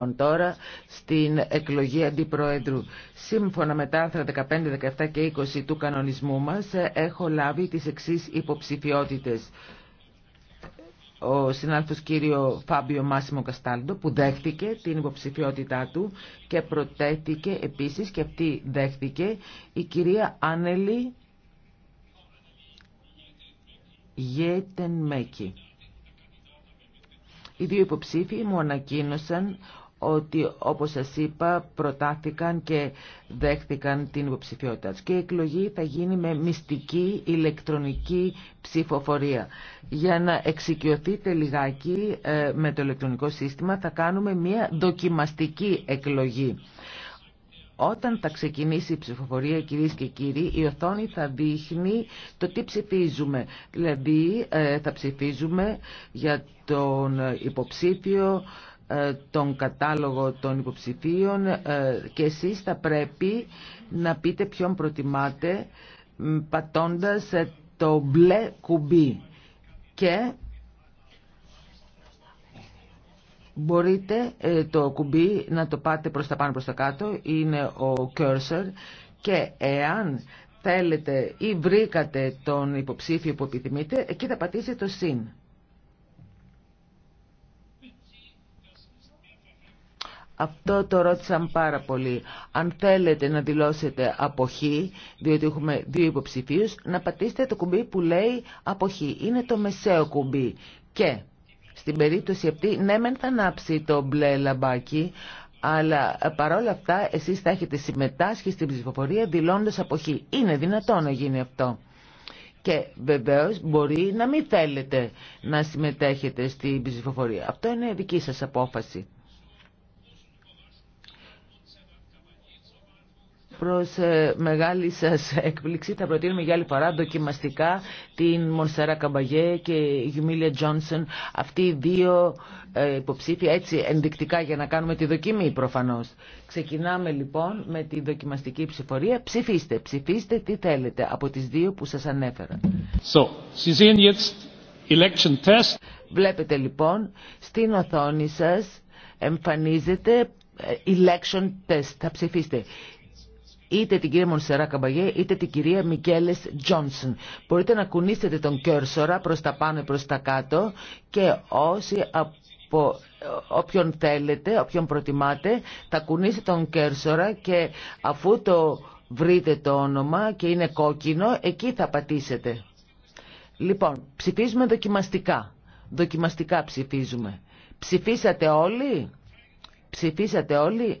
Λοιπόν, τώρα στην εκλογή αντιπροέδρου. Σύμφωνα με τα άρθρα 15, 17 και 20 του κανονισμού μας έχω λάβει τις εξής υποψηφιότητες. Ο συνάδελφος κύριο Φάμπιο Μάσιμο Καστάλντο που δέχτηκε την υποψηφιότητά του και προτέθηκε επίσης και αυτή δέχτηκε η κυρία Άνελη Γέτεν Μέκη. Οι δύο υποψήφοι μου ανακοίνωσαν ότι όπως σας είπα προτάθηκαν και δέχθηκαν την υποψηφιότητα Και η εκλογή θα γίνει με μυστική ηλεκτρονική ψηφοφορία. Για να εξοικειωθείτε λιγάκι ε, με το ηλεκτρονικό σύστημα θα κάνουμε μια δοκιμαστική εκλογή. Όταν θα ξεκινήσει η ψηφοφορία, κυρίες και κύριοι, η οθόνη θα δείχνει το τι ψηφίζουμε. Δηλαδή ε, θα ψηφίζουμε για τον υποψήφιο, ε, τον κατάλογο των υποψηφίων ε, και εσείς θα πρέπει να πείτε ποιον προτιμάτε πατώντας ε, το μπλε κουμπί και μπορείτε το κουμπί να το πάτε προς τα πάνω προς τα κάτω είναι ο cursor και εάν θέλετε ή βρήκατε τον υποψήφιο που επιθυμείτε εκεί θα πατήσετε το συν Αυτό το ρώτησαν πάρα πολύ. Αν θέλετε να δηλώσετε αποχή, διότι έχουμε δύο υποψηφίους, να πατήσετε το κουμπί που λέει αποχή. Είναι το μεσαίο κουμπί. Και στην περίπτωση αυτή, ναι μεν θα ανάψει το μπλε λαμπάκι, αλλά παρόλα αυτά εσείς θα έχετε συμμετάσχει στην ψηφοφορία δηλώνοντας αποχή. Είναι δυνατό να γίνει αυτό. Και βεβαίως μπορεί να μην θέλετε να συμμετέχετε στην ψηφοφορία. Αυτό είναι δική σας απόφαση. Προς ε, μεγάλη σας έκπληξη θα προτείνουμε για άλλη φορά δοκιμαστικά την Μονσέρα Καμπαγέ και η Γιουμίλια Τζόνσον. Αυτοί οι δύο ε, υποψήφια έτσι ενδεικτικά για να κάνουμε τη δοκιμή προφανώς. Ξεκινάμε λοιπόν με τη δοκιμαστική ψηφορία. Ψηφίστε, ψηφίστε τι θέλετε από τις δύο που σας ανέφερα. Βλέπετε λοιπόν στην οθόνη σας εμφανίζεται ε, election test. Θα ψηφίστε είτε την κυρία Μονσερά Καμπαγέ είτε την κυρία Μικέλε Τζόνσον. Μπορείτε να κουνήσετε τον κέρσορα προς τα πάνω ή προς τα κάτω και όσοι από όποιον θέλετε, όποιον προτιμάτε, θα κουνήσετε τον κέρσορα και αφού το βρείτε το όνομα και είναι κόκκινο, εκεί θα πατήσετε. Λοιπόν, ψηφίζουμε δοκιμαστικά. Δοκιμαστικά ψηφίζουμε. Ψηφίσατε όλοι. Ψηφίσατε όλοι.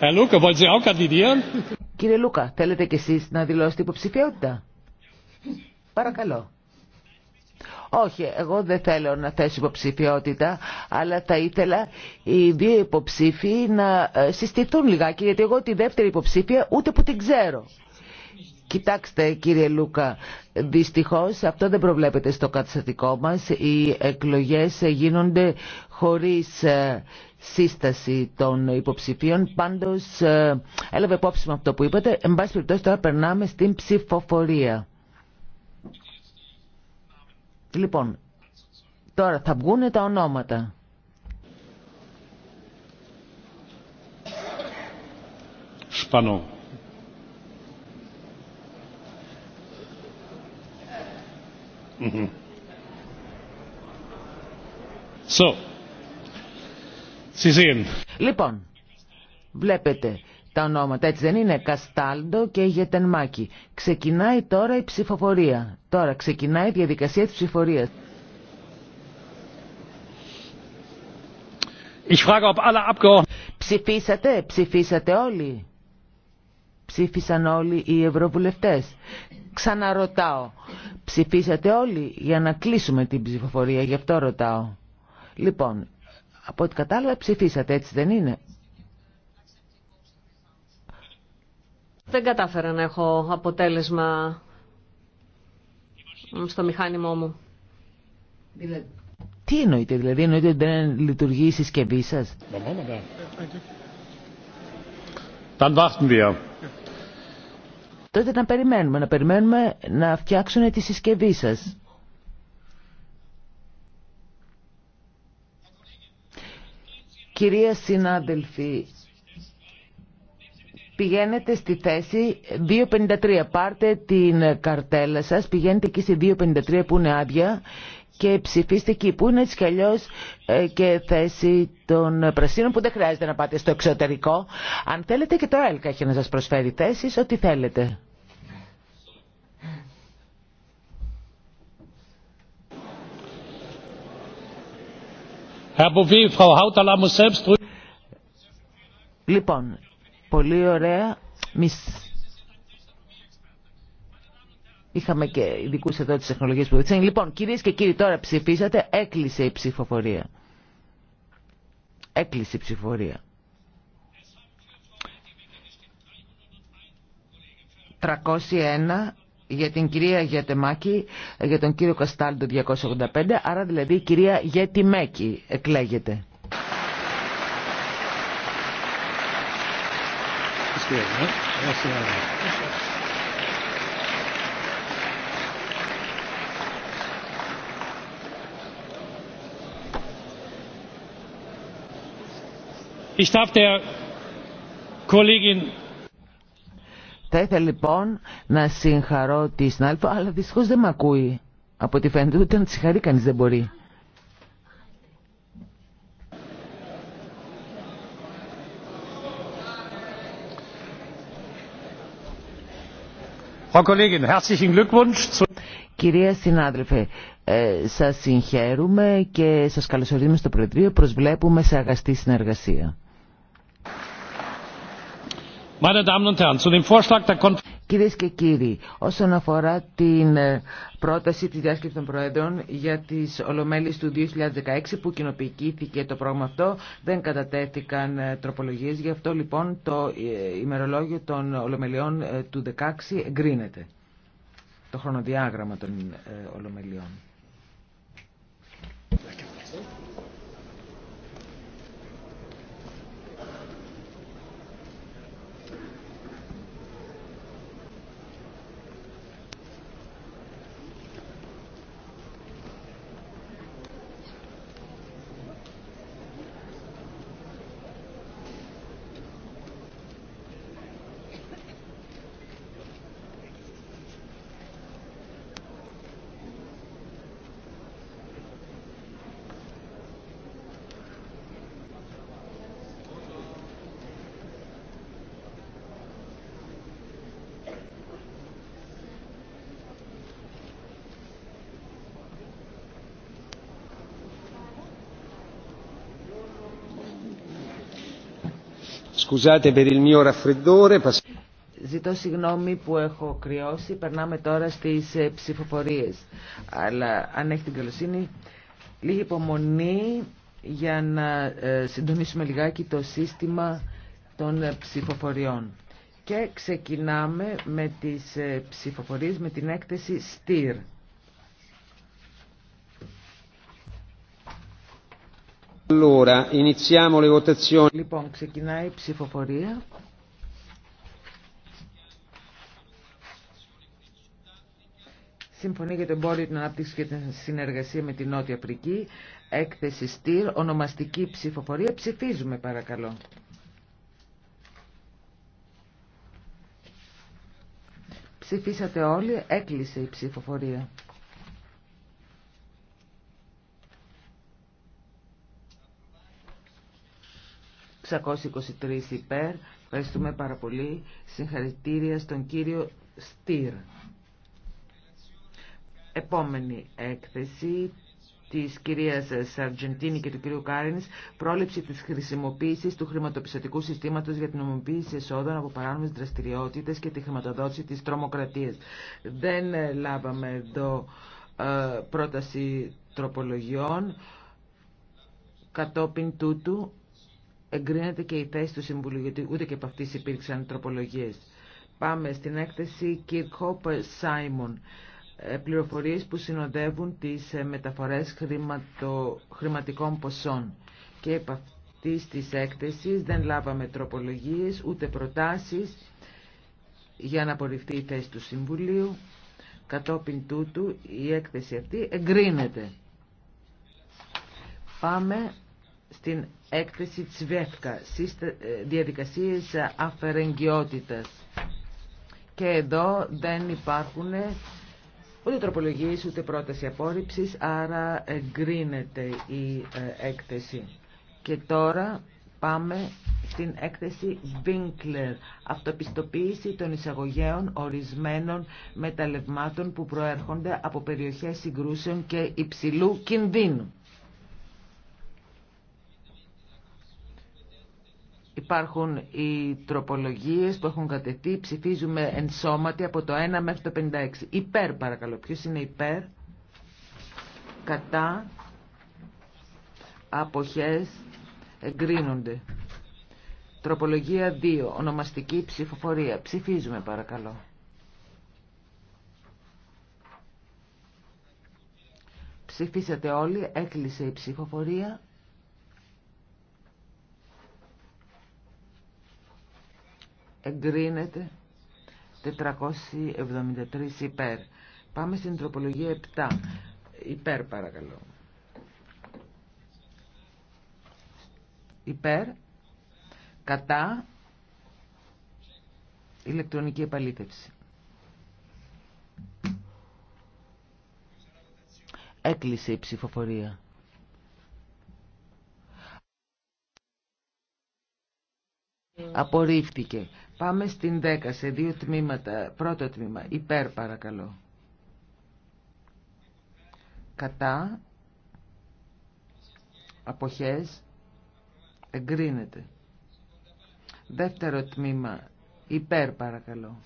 Ε, Κύριε Λούκα, θέλετε κι εσείς να δηλώσετε υποψηφιότητα. Παρακαλώ. Όχι, εγώ δεν θέλω να θέσω υποψηφιότητα, αλλά θα ήθελα οι δύο υποψήφοι να ε, συστηθούν λιγάκι, γιατί εγώ τη δεύτερη υποψήφια ούτε που την ξέρω. Κοιτάξτε κύριε Λούκα, δυστυχώς αυτό δεν προβλέπεται στο καταστατικό μας. Οι εκλογές γίνονται χωρίς ε, σύσταση των υποψηφίων. Πάντως ε, έλαβε υπόψη με αυτό που είπατε. Εν πάση περιπτώσει τώρα περνάμε στην ψηφοφορία. Λοιπόν, τώρα θα βγουν τα ονόματα. Σπανό. Mm-hmm. So. Λοιπόν, βλέπετε τα ονόματα, έτσι δεν είναι, Καστάλντο και Γετενμάκη. Ξεκινάει τώρα η ψηφοφορία. Τώρα ξεκινάει η διαδικασία της ψηφοφορίας. Ich frage, ob alle Ψηφίσατε, ψηφίσατε όλοι ψήφισαν όλοι οι ευρωβουλευτές. Ξαναρωτάω, ψηφίσατε όλοι για να κλείσουμε την ψηφοφορία, γι' αυτό ρωτάω. Λοιπόν, από ό,τι κατάλαβα ψηφίσατε, έτσι δεν είναι. Δεν κατάφερα να έχω αποτέλεσμα στο μηχάνημό μου. Δηλαδή. Τι εννοείται, δηλαδή εννοείται ότι δεν λειτουργεί η συσκευή σας. Dann warten wir τότε να περιμένουμε, να περιμένουμε να φτιάξουν τη συσκευή σας. Κυρία συνάδελφοι, πηγαίνετε στη θέση 253. Πάρτε την καρτέλα σας, πηγαίνετε εκεί στη 253 που είναι άδεια και ψηφίστε που είναι έτσι κι ε, και θέση των πρασίνων που δεν χρειάζεται να πάτε στο εξωτερικό. Αν θέλετε και το ΕΛΚΑ έχει να σας προσφέρει θέσεις, ό,τι θέλετε. Λοιπόν, πολύ ωραία. Είχαμε και ειδικού εδώ τη τεχνολογία που βοηθήσαν. Λοιπόν, κυρίε και κύριοι, τώρα ψηφίσατε. Έκλεισε η ψηφοφορία. Έκλεισε η ψηφοφορία. 301 για την κυρία Γιατεμάκη, για τον κύριο Καστάλτο 285, άρα δηλαδή η κυρία Γιατιμέκη εκλέγεται. Ich Θα ήθελα λοιπόν να συγχαρώ τη συνάδελφο, αλλά δυστυχώ δεν με ακούει. Από ό,τι φαίνεται ούτε να τη συγχαρεί κανεί δεν μπορεί. Κυρία συνάδελφε, ε, σας συγχαίρουμε και σας καλωσορίζουμε στο Προεδρείο. Προσβλέπουμε σε αγαστή συνεργασία. Κυρίε και κύριοι, όσον αφορά την ε, πρόταση τη διάσκεψη των Προέδρων για τι Ολομέλειε του 2016 που κοινοποιήθηκε το πρόγραμμα αυτό, δεν κατατέθηκαν ε, τροπολογίε. Γι' αυτό λοιπόν το ε, ημερολόγιο των Ολομελιών του 2016 εγκρίνεται. Το χρονοδιάγραμμα των Ολομελιών. Ζητώ συγγνώμη που έχω κρυώσει. Περνάμε τώρα στι ε, ψηφοφορίε. Αλλά αν έχει την καλοσύνη, λίγη υπομονή για να ε, συντονίσουμε λιγάκι το σύστημα των ε, ψηφοφοριών. Και ξεκινάμε με τις ψηφοφορίες με την έκθεση STIR. Λοιπόν, ξεκινάει η ψηφοφορία. Συμφωνεί για το εμπόριο, την ανάπτυξη και την συνεργασία με την Νότια Αφρική. Έκθεση ΣΤΙΡ, ονομαστική ψηφοφορία. Ψηφίζουμε παρακαλώ. Ψηφίσατε όλοι, έκλεισε η ψηφοφορία. 623 υπέρ. Ευχαριστούμε πάρα πολύ. Συγχαρητήρια στον κύριο Στύρ. Επόμενη έκθεση της κυρίας Σαρτζεντίνη και του κυρίου Κάρινης πρόληψη της χρησιμοποίησης του χρηματοπιστωτικού συστήματος για την ομοποίηση εσόδων από παράνομες δραστηριότητες και τη χρηματοδότηση της τρομοκρατίας. Δεν ε, λάβαμε εδώ ε, πρόταση τροπολογιών. Κατόπιν τούτου εγκρίνεται και η θέση του Συμβουλίου, γιατί ούτε και από αυτής υπήρξαν τροπολογίες. Πάμε στην έκθεση Kirchhoff Simon. Ε, πληροφορίες που συνοδεύουν τις ε, μεταφορές χρηματικών ποσών. Και από αυτής της έκθεσης δεν λάβαμε τροπολογίες, ούτε προτάσεις για να απορριφθεί η θέση του Συμβουλίου. Κατόπιν τούτου η έκθεση αυτή εγκρίνεται. Πάμε στην έκθεση Τσβέφκα, ε, διαδικασίες αφαιρεγγιότητας. Και εδώ δεν υπάρχουν ούτε τροπολογίες ούτε πρόταση απόρριψης, άρα εγκρίνεται η ε, έκθεση. Και τώρα πάμε στην έκθεση Winkler, αυτοπιστοποίηση των εισαγωγέων ορισμένων μεταλλευμάτων που προέρχονται από περιοχές συγκρούσεων και υψηλού κινδύνου. Υπάρχουν οι τροπολογίες που έχουν κατεθεί. Ψηφίζουμε εν σώματι από το 1 μέχρι το 56. Υπέρ παρακαλώ. Ποιος είναι υπέρ. Κατά. Αποχές. Εγκρίνονται. Τροπολογία 2. Ονομαστική ψηφοφορία. Ψηφίζουμε παρακαλώ. Ψηφίσατε όλοι. Έκλεισε η ψηφοφορία. εγκρίνεται 473 υπέρ. Πάμε στην τροπολογία 7. Υπέρ παρακαλώ. Υπέρ. Κατά. Ηλεκτρονική επαλήθευση. Έκλεισε η ψηφοφορία. Απορρίφθηκε. Πάμε στην 10 σε δύο τμήματα. Πρώτο τμήμα, υπέρ παρακαλώ. Κατά. Αποχές. Εγκρίνεται. Δεύτερο τμήμα, υπέρ παρακαλώ.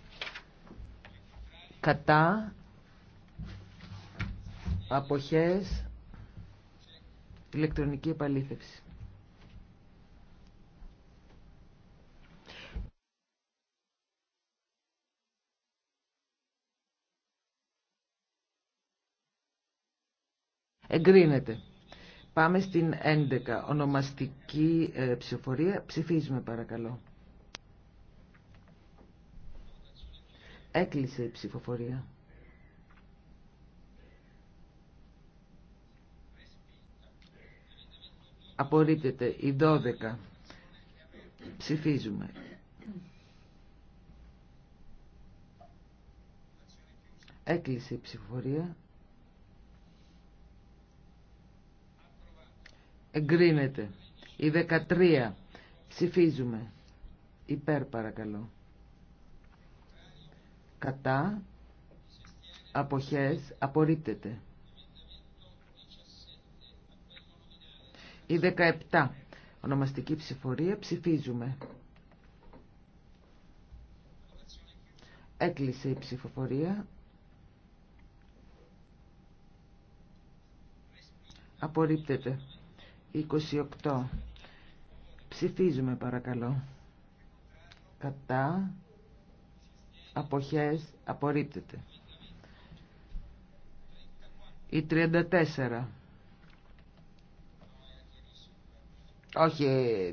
Κατά. Αποχές. Ηλεκτρονική επαλήθευση. Εγκρίνεται. Πάμε στην 11. Ονομαστική ε, ψηφοφορία. Ψηφίζουμε παρακαλώ. Έκλεισε η ψηφοφορία. Απορρίπτεται η 12. Ψηφίζουμε. Έκλεισε η ψηφοφορία. εγκρίνεται. Η 13 ψηφίζουμε. Υπέρ παρακαλώ. Κατά αποχές απορρίπτεται. Η 17 ονομαστική ψηφορία ψηφίζουμε. Έκλεισε η ψηφοφορία. Απορρίπτεται. 28. Ψηφίζουμε παρακαλώ. Κατά. Αποχές. Απορρίπτεται. Η 34. Όχι,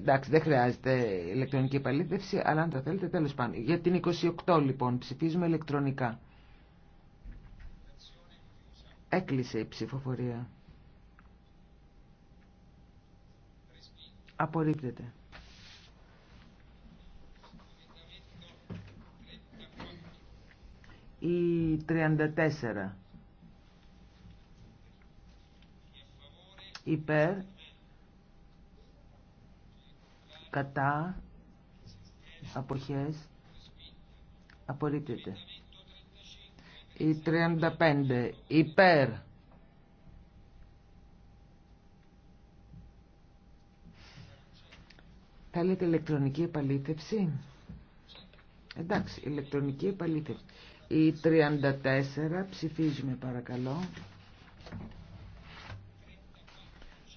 εντάξει, δεν χρειάζεται ηλεκτρονική επαλήθευση, αλλά αν τα θέλετε, τέλος πάντων. Για την 28, λοιπόν, ψηφίζουμε ηλεκτρονικά. Έκλεισε η ψηφοφορία. Απορρίπτεται. Η 34. Υπέρ. Κατά. Αποχές. Απορρίπτεται. Η 35. Υπέρ. Θέλετε ηλεκτρονική επαλήθευση. Εντάξει, ηλεκτρονική επαλήθευση. Η 34 ψηφίζουμε παρακαλώ.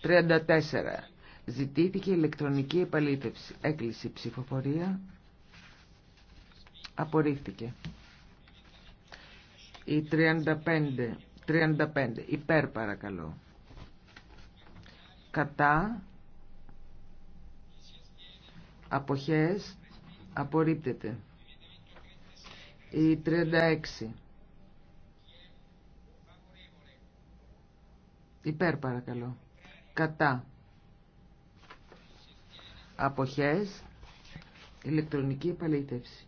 34. Ζητήθηκε ηλεκτρονική επαλήθευση. Έκλεισε η ψηφοφορία. Απορρίφθηκε. Η 35. 35. Υπέρ παρακαλώ. Κατά. Αποχές. Απορρίπτεται. Η 36. Υπέρ παρακαλώ. Κατά. Αποχές. Ηλεκτρονική επαλήθευση.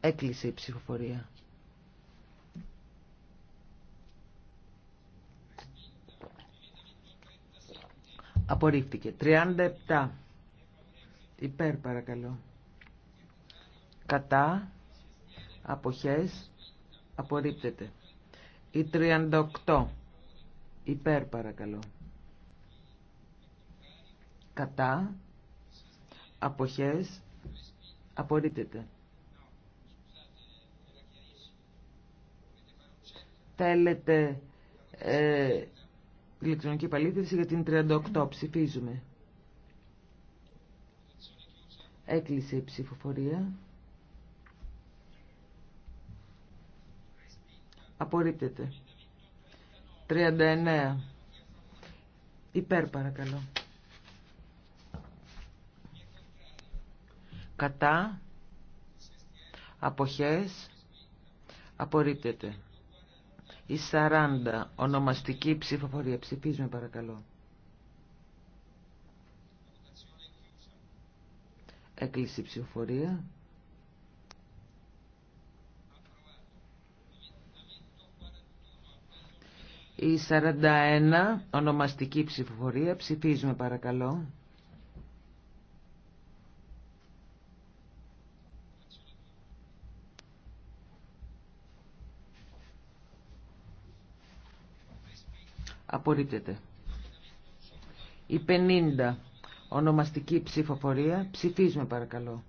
Έκλεισε η ψηφοφορία. Απορρίφθηκε. 37. Υπέρ παρακαλώ. Κατά. Αποχές. Απορρίπτεται. Η 38. Υπέρ παρακαλώ. Κατά. Αποχές. Απορρίπτεται. Θέλετε ε, ηλεκτρονική επαλήθευση για την 38. Ψηφίζουμε. Έκλεισε η ψηφοφορία. Απορρίπτεται. 39. Υπέρ παρακαλώ. Κατά. Αποχές. Απορρίπτεται. Η 40. Ονομαστική ψηφοφορία. Ψηφίζουμε παρακαλώ. Έκλεισε η ψηφοφορία. Η 41. Ονομαστική ψηφοφορία. Ψηφίζουμε παρακαλώ. απορρίπτεται. Η 50 ονομαστική ψηφοφορία. Ψηφίζουμε παρακαλώ.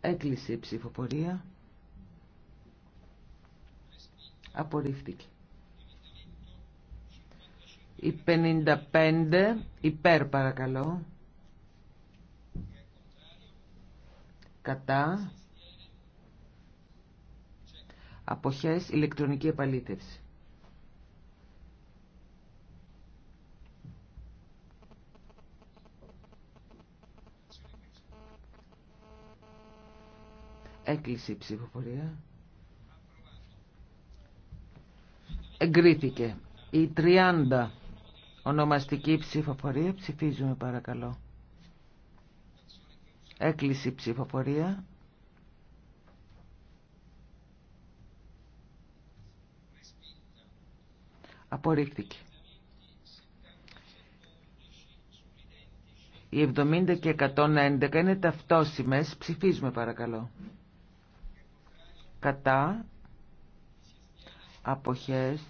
Έκλεισε η ψηφοφορία. Απορρίφθηκε. Η 55 υπέρ παρακαλώ. Κατά. Αποχές ηλεκτρονική επαλήθευση. Έκλεισε η ψηφοφορία. Εγκρίθηκε. Η 30 ονομαστική ψηφοφορία. Ψηφίζουμε παρακαλώ. Έκλεισε η ψηφοφορία. Απορρίφθηκε. Οι 70 και 111 είναι ταυτόσιμες. Ψηφίζουμε παρακαλώ. Κατά. Αποχές.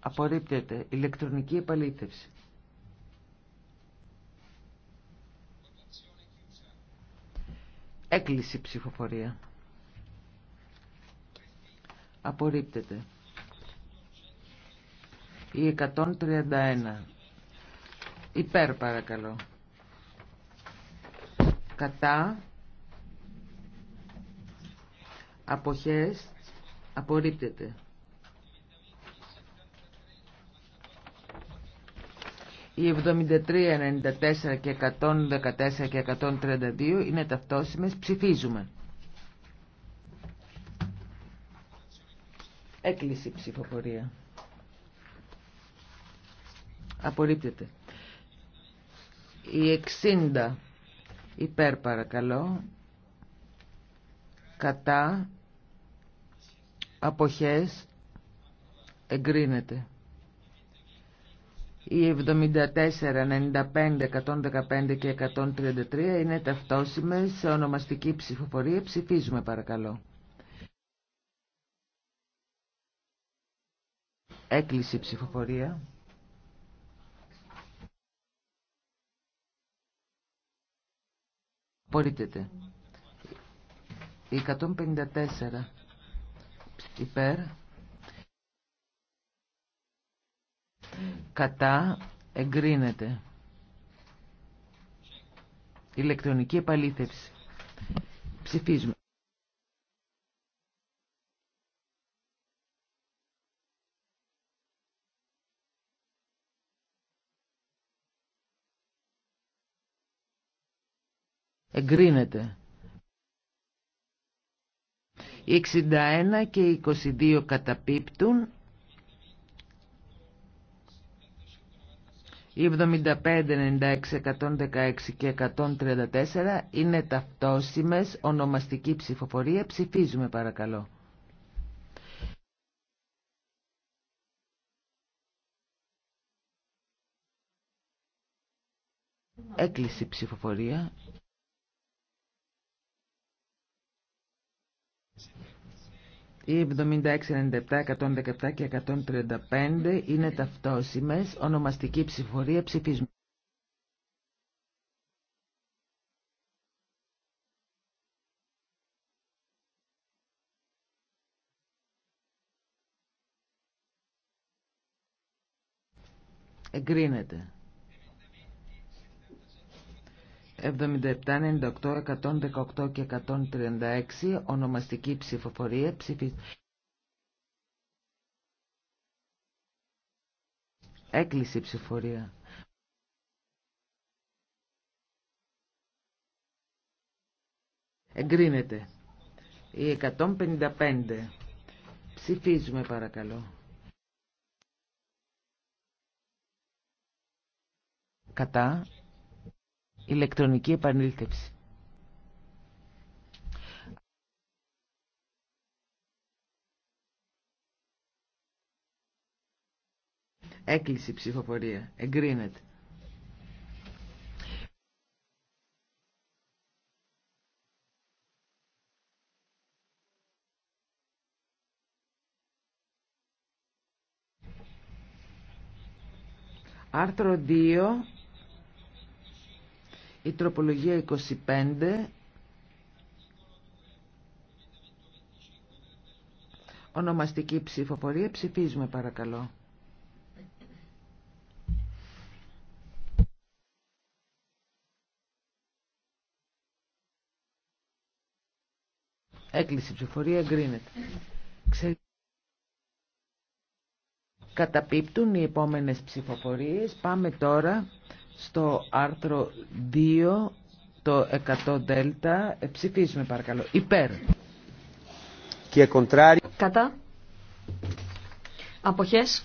Απορρίπτεται. Ηλεκτρονική επαλήθευση. Έκλειση ψηφοφορία. Απορρίπτεται. Η 131. Υπέρ παρακαλώ. Κατά. Αποχές. Απορρίπτεται. Οι 73, 94 και 114 και 132 είναι ταυτόσιμες. Ψηφίζουμε. Έκλεισε η ψηφοφορία. Απορρίπτεται. Η 60 υπέρ παρακαλώ. Κατά. Αποχές. Εγκρίνεται. Οι 74, 95, 115 και 133 είναι ταυτόσιμες σε ονομαστική ψηφοφορία. Ψηφίζουμε παρακαλώ. Έκλεισε η ψηφοφορία. Οι 154 υπέρ. Κατά εγκρίνεται. Ηλεκτρονική επαλήθευση. Ψηφίζουμε. εγκρίνεται. 61 και 22 καταπίπτουν. 75, 96, 116 και 134 είναι ταυτόσιμες ονομαστική ψηφοφορία. Ψηφίζουμε παρακαλώ. Έκλεισε η ψηφοφορία. Οι 76, 97, 117 και 135 είναι ταυτόσιμες. Ονομαστική ψηφορία ψηφισμού. Εγκρίνεται. 77, 98, 118 και 136 ονομαστική ψηφοφορία ψηφι... Έκλειση ψηφοφορία. Εγκρίνεται. Η 155. Ψηφίζουμε παρακαλώ. Κατά ηλεκτρονική επανήλθευση. Έκλεισε η ψηφοφορία. Εγκρίνεται. Άρθρο 2 η τροπολογία 25 Ονομαστική ψηφοφορία. Ψηφίζουμε παρακαλώ. Έκλεισε η ψηφοφορία. Εγκρίνεται. Καταπίπτουν οι επόμενες ψηφοφορίες. Πάμε τώρα στο άρθρο 2 το 100 δέλτα. Ε, ψηφίζουμε παρακαλώ. Υπέρ. Και κοντράρι. Κατά. Αποχές.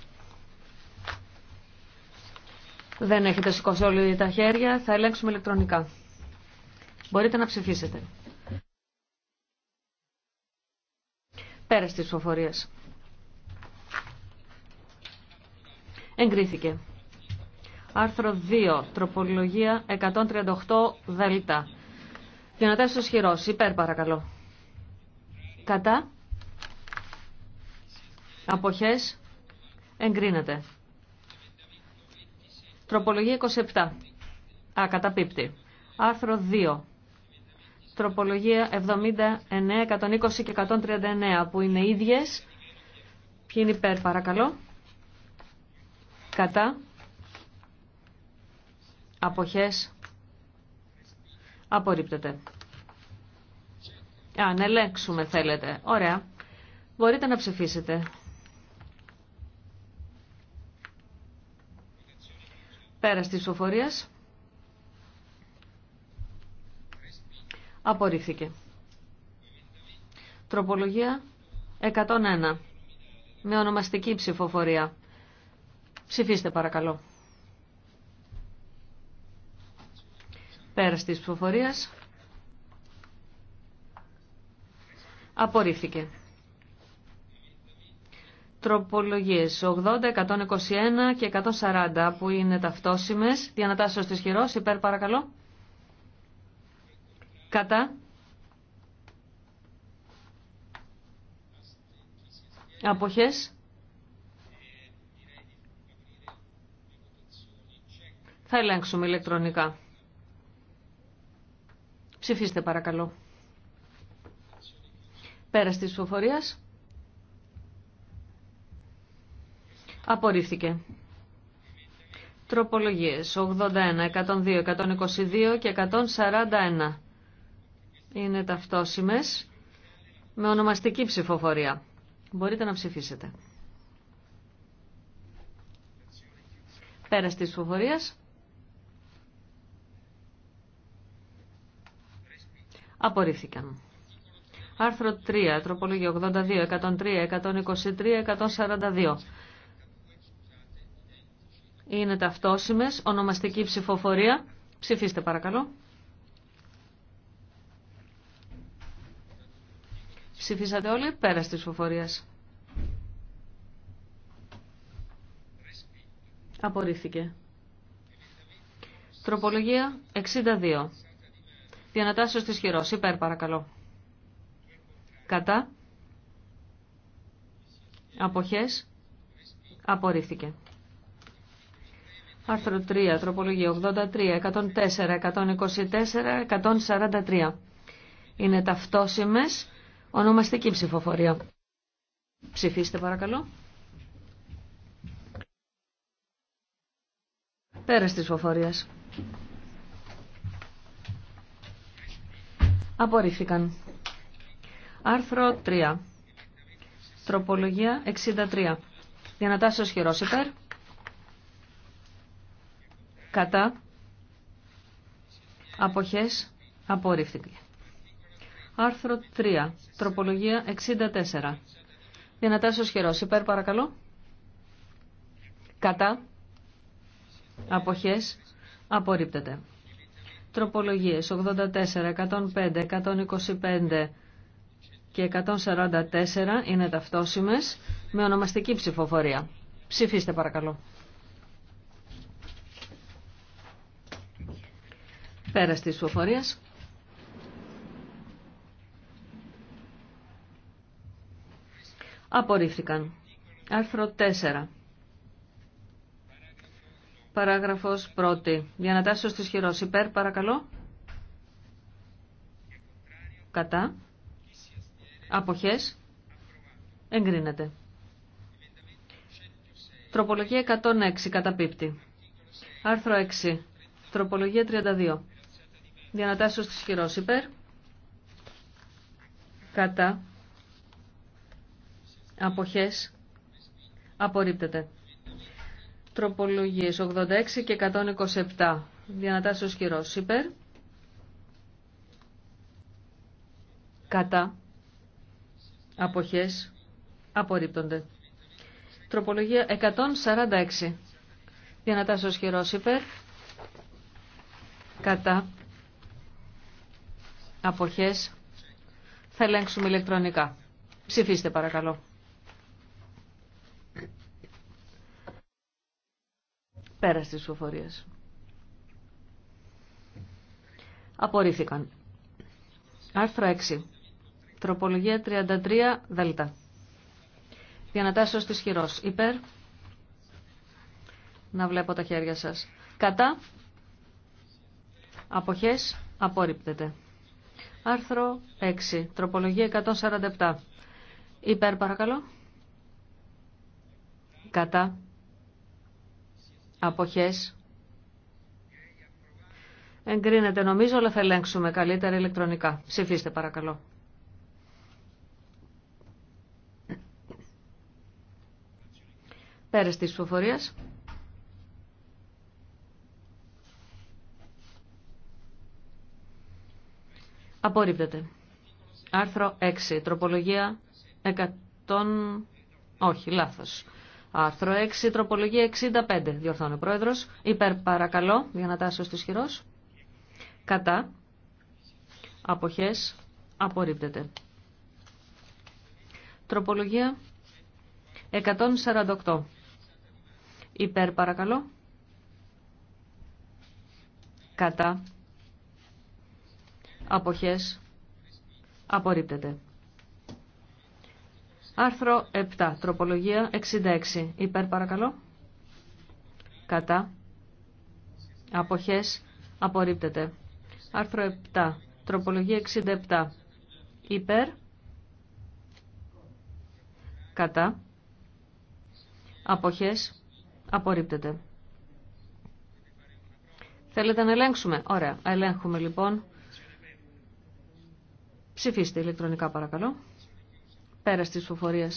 Δεν έχετε σηκώσει όλοι τα χέρια. Θα ελέγξουμε ηλεκτρονικά. Μπορείτε να ψηφίσετε. Πέρα στις ψηφοφορίες. Εγκρίθηκε. Άρθρο 2. Τροπολογία 138 Δέλτα. Δυνατεύσεω χειρό. Υπέρ παρακαλώ. Κατά. Αποχές. Εγκρίνεται. Τροπολογία 27. Α, καταπίπτει. Άρθρο 2. Τροπολογία 79, 120 και 139 που είναι ίδιες. Ποιοι είναι υπέρ παρακαλώ. Κατά. Αποχές. Απορρίπτεται. Αν ελέγξουμε θέλετε. Ωραία. Μπορείτε να ψηφίσετε. Πέρα της ψηφοφορίας. Απορρίφθηκε. Τροπολογία 101. Με ονομαστική ψηφοφορία. Ψηφίστε παρακαλώ. πέρα τη ψηφοφορία. Απορρίφθηκε. Τροπολογίε 80, 121 και 140 που είναι ταυτόσιμε. Διανατάσσεω τη χειρό, Υπέρ παρακαλώ. Κατά. Αποχές. Θα ελέγξουμε ηλεκτρονικά. Ψηφίστε παρακαλώ. Πέρα τη ψηφοφορίας. Απορρίφθηκε. Τροπολογίες 81, 102, 122 και 141 είναι ταυτόσιμες με ονομαστική ψηφοφορία. Μπορείτε να ψηφίσετε. Πέρα τη ψηφοφορίας. Απορρίφθηκαν. Άρθρο 3, τροπολογία 82, 103, 123, 142. Είναι ταυτόσιμες, ονομαστική ψηφοφορία. Ψηφίστε παρακαλώ. Ψηφίσατε όλοι πέρα της ψηφοφορίας. Απορρίφθηκε. Τροπολογία 62. Διανατάσσεως της χειρός. Υπέρ παρακαλώ. Κατά. Αποχές. Απορρίφθηκε. Άρθρο 3, τροπολογία 83, 104, 124, 143. Είναι ταυτόσιμες ονομαστική ψηφοφορία. Ψηφίστε παρακαλώ. Πέρας της ψηφοφορίας. Απορρίφθηκαν. Άρθρο 3. Τροπολογία 63. Διανατάσσεως χειρός υπέρ. Κατά. Αποχές. Απορρίφθηκε. Άρθρο 3. Τροπολογία 64. Διανατάσσεως χειρός υπέρ παρακαλώ. Κατά. Αποχές. Απορρίπτεται. Τροπολογίες 84, 105, 125 και 144 είναι ταυτόσιμες με ονομαστική ψηφοφορία. Ψηφίστε παρακαλώ. Πέρας ψηφοφορίας. Απορρίφθηκαν. Άρθρο 4. Παράγραφος 1. Διανατάσσεως της χειρός. Υπέρ, παρακαλώ. Κατά. Αποχές. Εγκρίνεται. Τροπολογία 106. Καταπίπτει. Άρθρο 6. Τροπολογία 32. Διανατάσσεως της χειρός. Υπέρ. Κατά. Αποχές. Απορρίπτεται τροπολογίες 86 και 127. Διανατάσσεως χειρός υπέρ. Κατά. Αποχές. Απορρίπτονται. Τροπολογία 146. Διανατάσσεως χειρός υπέρ. Κατά. Αποχές. Θα ελέγξουμε ηλεκτρονικά. Ψηφίστε παρακαλώ. Πέρα στις φοφορία. Απορρίφθηκαν. Άρθρο 6. Τροπολογία 33 Δελτά. Διανατάσσεως της χειρός. Υπέρ. Να βλέπω τα χέρια σας. Κατά. Αποχές. Απορρίπτεται. Άρθρο 6. Τροπολογία 147. Υπέρ παρακαλώ. Κατά. Αποχές. Εγκρίνεται νομίζω, αλλά θα ελέγξουμε καλύτερα ηλεκτρονικά. Ψηφίστε παρακαλώ. Πέρας της ψηφοφορίας. Απορρίπτεται. Άρθρο 6. Τροπολογία 100... Όχι, λάθος. Άρθρο 6, τροπολογία 65, διορθώνει ο πρόεδρος. Υπέρ παρακαλώ, για να χειρός. Κατά. Αποχές. Απορρίπτεται. Τροπολογία 148. Υπέρ παρακαλώ. Κατά. Αποχές. Απορρίπτεται. Άρθρο 7. Τροπολογία 66. Υπέρ παρακαλώ. Κατά. Αποχές. Απορρίπτεται. Άρθρο 7. Τροπολογία 67. Υπέρ. Κατά. Αποχές. Απορρίπτεται. Θέλετε να ελέγξουμε. Ωραία. Ελέγχουμε λοιπόν. Ψηφίστε ηλεκτρονικά παρακαλώ. Πέρα τη ψηφοφορία.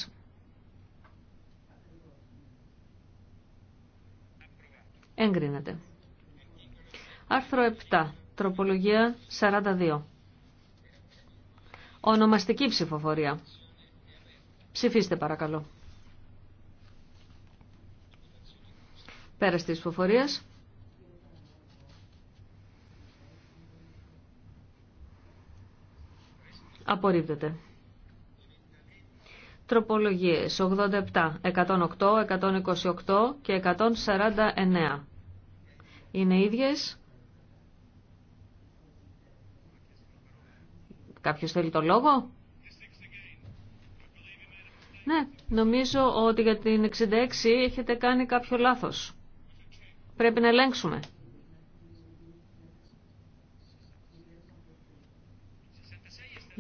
Εγκρίνεται. Άρθρο 7. Τροπολογία 42. Ονομαστική ψηφοφορία. Ψηφίστε παρακαλώ. Πέρα τη ψηφοφορία. Απορρίπτεται τροπολογίες 87, 108, 128 και 149. Είναι ίδιες. Κάποιος θέλει το λόγο. Ναι, νομίζω ότι για την 66 έχετε κάνει κάποιο λάθος. Πρέπει να ελέγξουμε.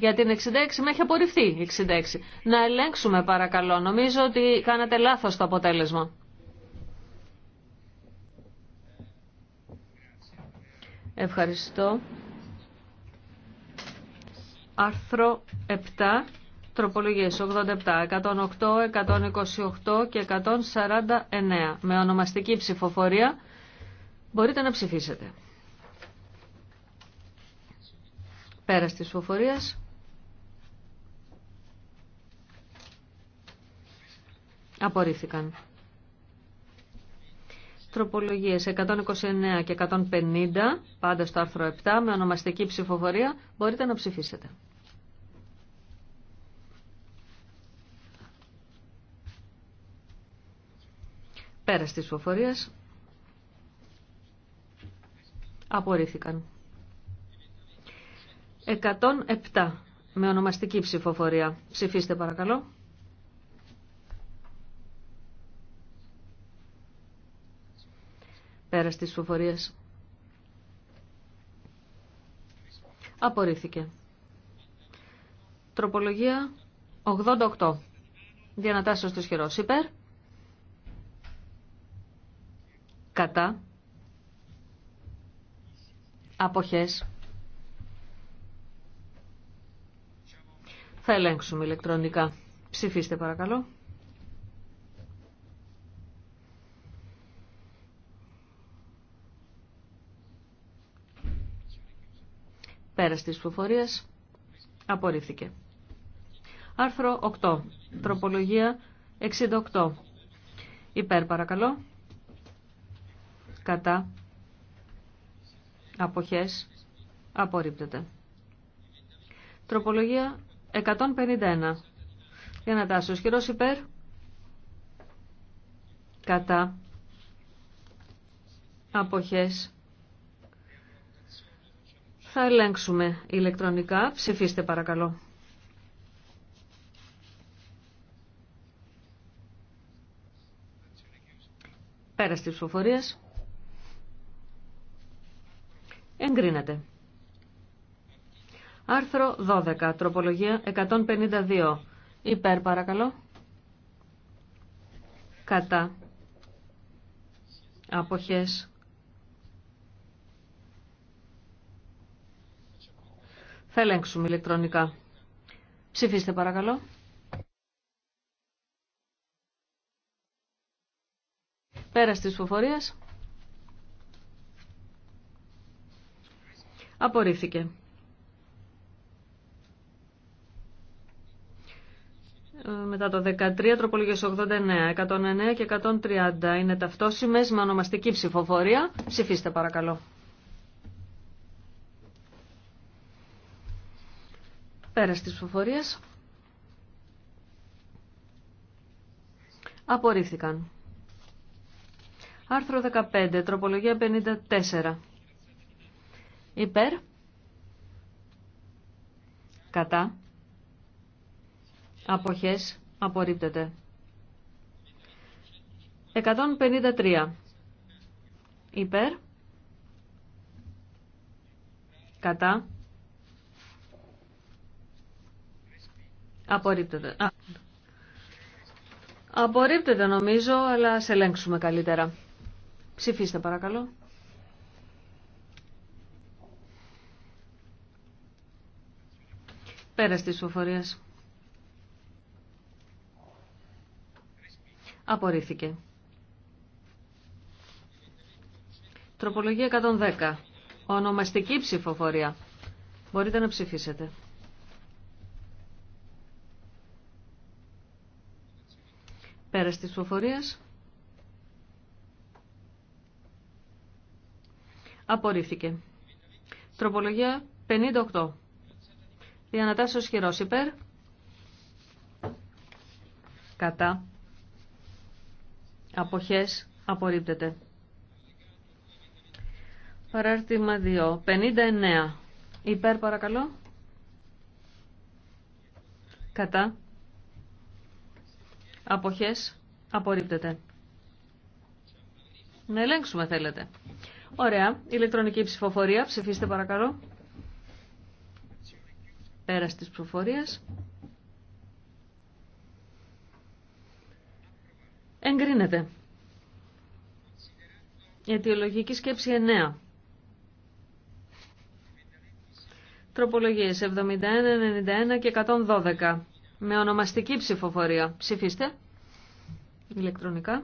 Για την 66 με έχει απορριφθεί 66. Να ελέγξουμε παρακαλώ. Νομίζω ότι κάνατε λάθος το αποτέλεσμα. Ευχαριστώ. Άρθρο 7, τροπολογίες 87, 108, 128 και 149. Με ονομαστική ψηφοφορία μπορείτε να ψηφίσετε. Πέρας της ψηφοφορίας. Απορρίφθηκαν. Τροπολογίες 129 και 150, πάντα στο άρθρο 7, με ονομαστική ψηφοφορία, μπορείτε να ψηφίσετε. Πέρα τη ψηφοφορία. απορρίφθηκαν. 107, με ονομαστική ψηφοφορία. Ψηφίστε παρακαλώ. πέρα της ψηφοφορίας. Απορρίφθηκε. Τροπολογία 88. Διανατάσσεως του χειρός υπέρ. Κατά. Αποχές. Θα ελέγξουμε ηλεκτρονικά. Ψηφίστε παρακαλώ. Πέρας της ψηφοφορίας απορρίφθηκε. Άρθρο 8. Τροπολογία 68. Υπέρ παρακαλώ. Κατά. Αποχές. Απορρίπτεται. Τροπολογία 151. Για να τάσω. υπέρ. Κατά. Αποχές. Θα ελέγξουμε ηλεκτρονικά. Ψηφίστε παρακαλώ. Πέρα στις ψηφοφορίες. Εγκρίνεται. Άρθρο 12. Τροπολογία 152. Υπέρ παρακαλώ. Κατά. Αποχές. Θα ελέγξουμε ηλεκτρονικά. Ψηφίστε παρακαλώ. Πέρα της ψηφοφορίας. Απορρίφθηκε. Ε, μετά το 13, τροπολογίες 89, 109 και 130 είναι ταυτόσιμες με ονομαστική ψηφοφορία. Ψηφίστε παρακαλώ. πέρας της ψηφοφορίας. Απορρίφθηκαν. Άρθρο 15, τροπολογία 54. Υπέρ. Κατά. Αποχές. Απορρίπτεται. 153. Υπέρ. Κατά. Απορρίπτεται. Α. Απορρίπτεται νομίζω, αλλά ας ελέγξουμε καλύτερα. Ψηφίστε παρακαλώ. Πέρας της ψηφοφορίας. Απορρίφθηκε. Τροπολογία 110. Ονομαστική ψηφοφορία. Μπορείτε να ψηφίσετε. Πέρας της Απορρίφθηκε. Τροπολογία 58. Διανατάσσεως χειρός υπέρ. Κατά. Αποχές απορρίπτεται. Παράρτημα 2. 59. Υπέρ παρακαλώ. Κατά. Αποχές απορρίπτεται. Να ελέγξουμε θέλετε. Ωραία. Ηλεκτρονική ψηφοφορία. Ψηφίστε παρακαλώ. Πέρας της ψηφοφορίας. Εγκρίνεται. Η αιτιολογική σκέψη 9. Τροπολογίες 71, 91 και 112 με ονομαστική ψηφοφορία. Ψηφίστε ηλεκτρονικά.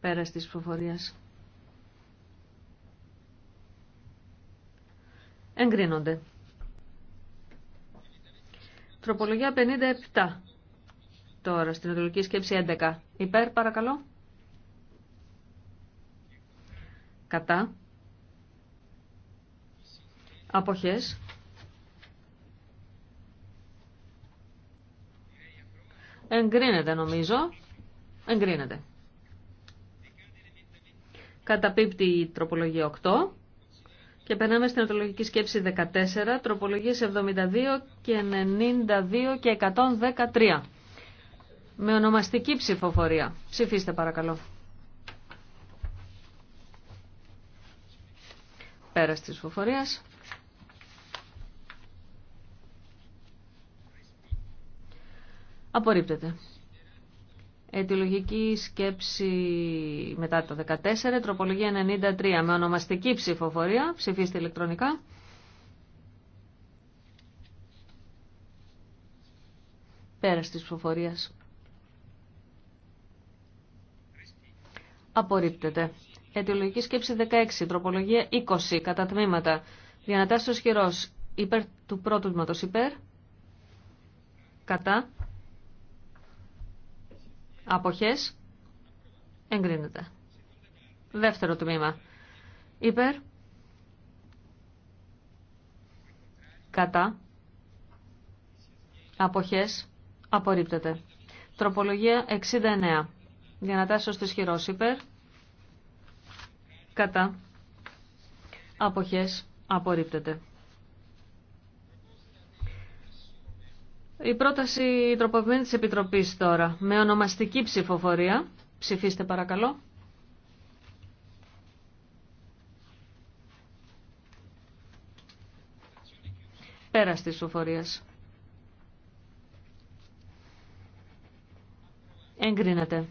Πέρας της ψηφοφορίας. Εγκρίνονται. Τροπολογία 57. Τώρα στην ιδεολογική σκέψη 11. Υπέρ παρακαλώ. Κατά. Αποχές. Εγκρίνεται νομίζω. Εγκρίνεται. Καταπίπτει η τροπολογία 8 και περνάμε στην ατολογική σκέψη 14, τροπολογίες 72 και 92 και 113. Με ονομαστική ψηφοφορία. Ψηφίστε παρακαλώ. Πέρα της ψηφοφορίας. Απορρίπτεται. Αιτιολογική σκέψη μετά το 14, τροπολογία 93 με ονομαστική ψηφοφορία. Ψηφίστε ηλεκτρονικά. Πέρας της ψηφοφορία. Απορρίπτεται. Αιτιολογική σκέψη 16, τροπολογία 20, κατά τμήματα. Διανατάστος χειρός, υπέρ του πρώτου τμήματος υπέρ, κατά, Αποχές. Εγκρίνεται. Δεύτερο τμήμα. Υπέρ. Κατά. Αποχές. Απορρίπτεται. Τροπολογία 69. Διανατάσσεως της χειρός υπέρ. Κατά. Αποχές. Απορρίπτεται. Η πρόταση τροποποιημένη της Επιτροπής τώρα, με ονομαστική ψηφοφορία. Ψηφίστε παρακαλώ. Πέρα της ψηφοφορίας. Εγκρίνεται.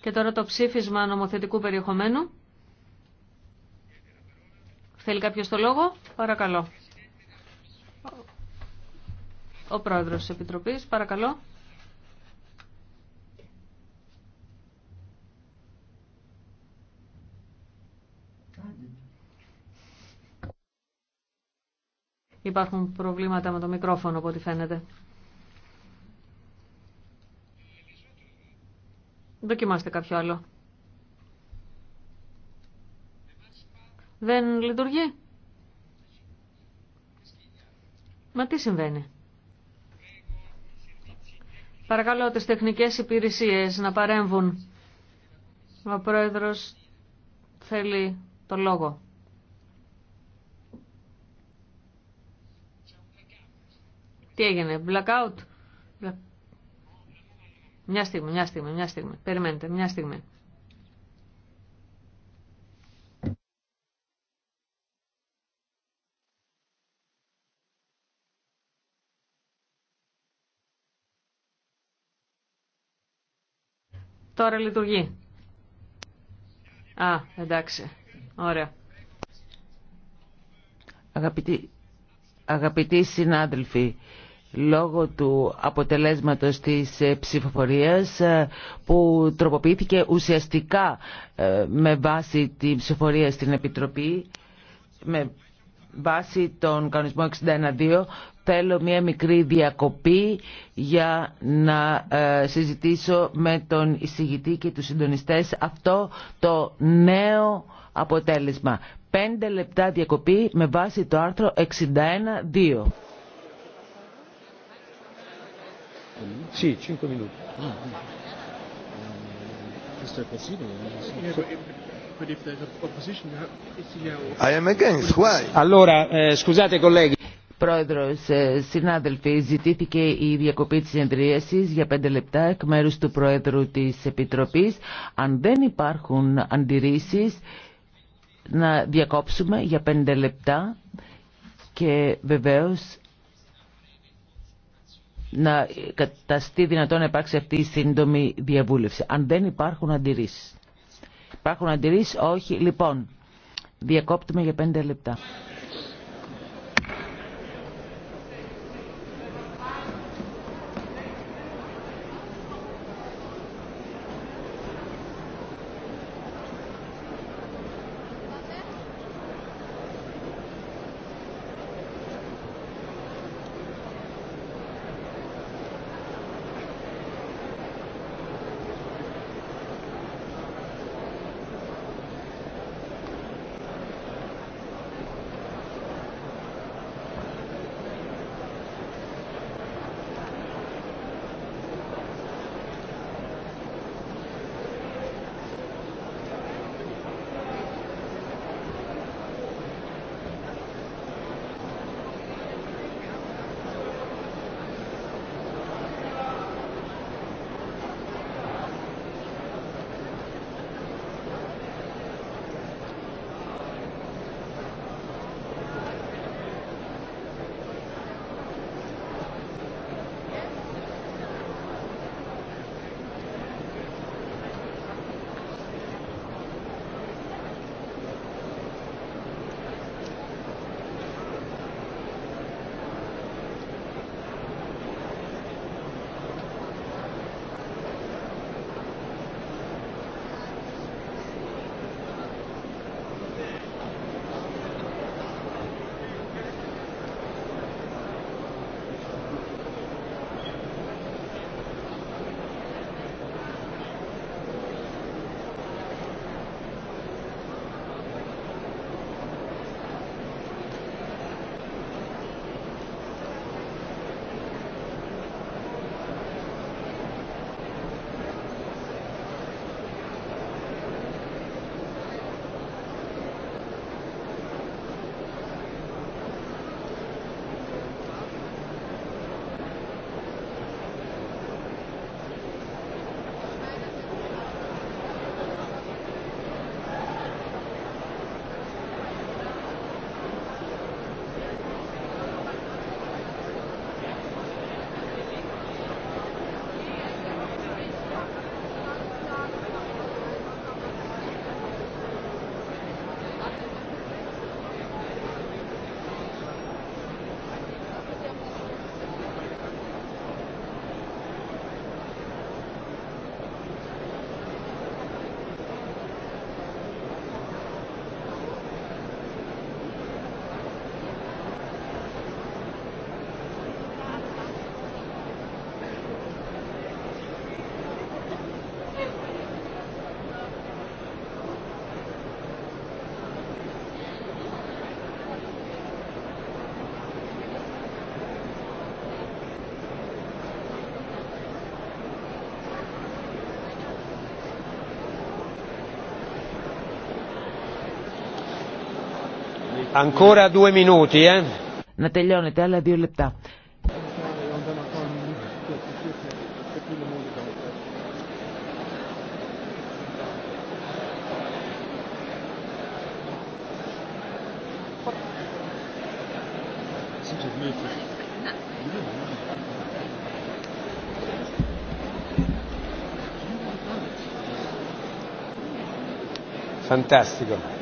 Και τώρα το ψήφισμα νομοθετικού περιεχομένου. Θέλει κάποιος το λόγο. Παρακαλώ. Ο πρόεδρος της Επιτροπής, παρακαλώ. Υπάρχουν προβλήματα με το μικρόφωνο από ό,τι φαίνεται. Δοκιμάστε κάποιο άλλο. Δεν λειτουργεί. Μα τι συμβαίνει. Παρακαλώ τις τεχνικές υπηρεσίες να παρέμβουν. Ο Πρόεδρος θέλει το λόγο. Τι έγινε, blackout. Μια στιγμή, μια στιγμή, μια στιγμή. Περιμένετε, μια στιγμή. Τώρα λειτουργεί. Α, εντάξει. Ωραία. Αγαπητοί, αγαπητοί συνάδελφοι, λόγω του αποτελέσματος της ε, ψηφοφορίας ε, που τροποποιήθηκε ουσιαστικά ε, με βάση την ψηφοφορία στην Επιτροπή, με βάση τον κανονισμό 61.2 θέλω μια μικρή διακοπή για να ε, συζητήσω με τον εισηγητή και τους συντονιστές αυτό το νέο αποτέλεσμα. Πέντε λεπτά διακοπή με βάση το άρθρο 61.2. Sì, 5 minuti. questo è possibile? Allora, eh, scusate colleghi. Πρόεδρος, ε, συνάδελφοι, ζητήθηκε η διακοπή της συνεδρίασης για πέντε λεπτά εκ μέρους του Πρόεδρου της Επιτροπής. Αν δεν υπάρχουν αντιρρήσεις, να διακόψουμε για πέντε λεπτά και βεβαίως να καταστεί δυνατόν να υπάρξει αυτή η σύντομη διαβούλευση. Αν δεν υπάρχουν αντιρρήσεις. Υπάρχουν αντιρρήσεις, όχι. Λοιπόν, διακόπτουμε για πέντε λεπτά. Ancora due minuti, eh. Να δύο Fantastico.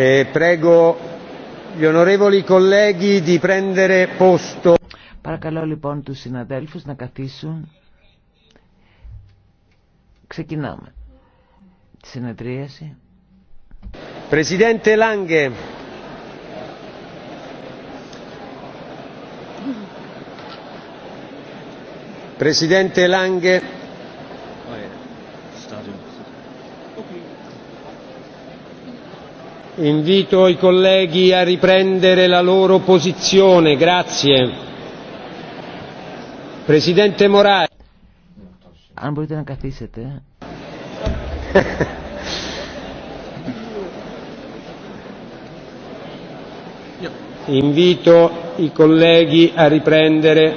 Ε, Παρακαλώ λοιπόν τους συναδέλφους να καθίσουν. Ξεκινάμε τη συνεδρίαση. Presidente Lange. Invito i colleghi a riprendere la loro posizione. Grazie. Presidente Morales. Αν μπορείτε να καθίσετε. Invito i colleghi a riprendere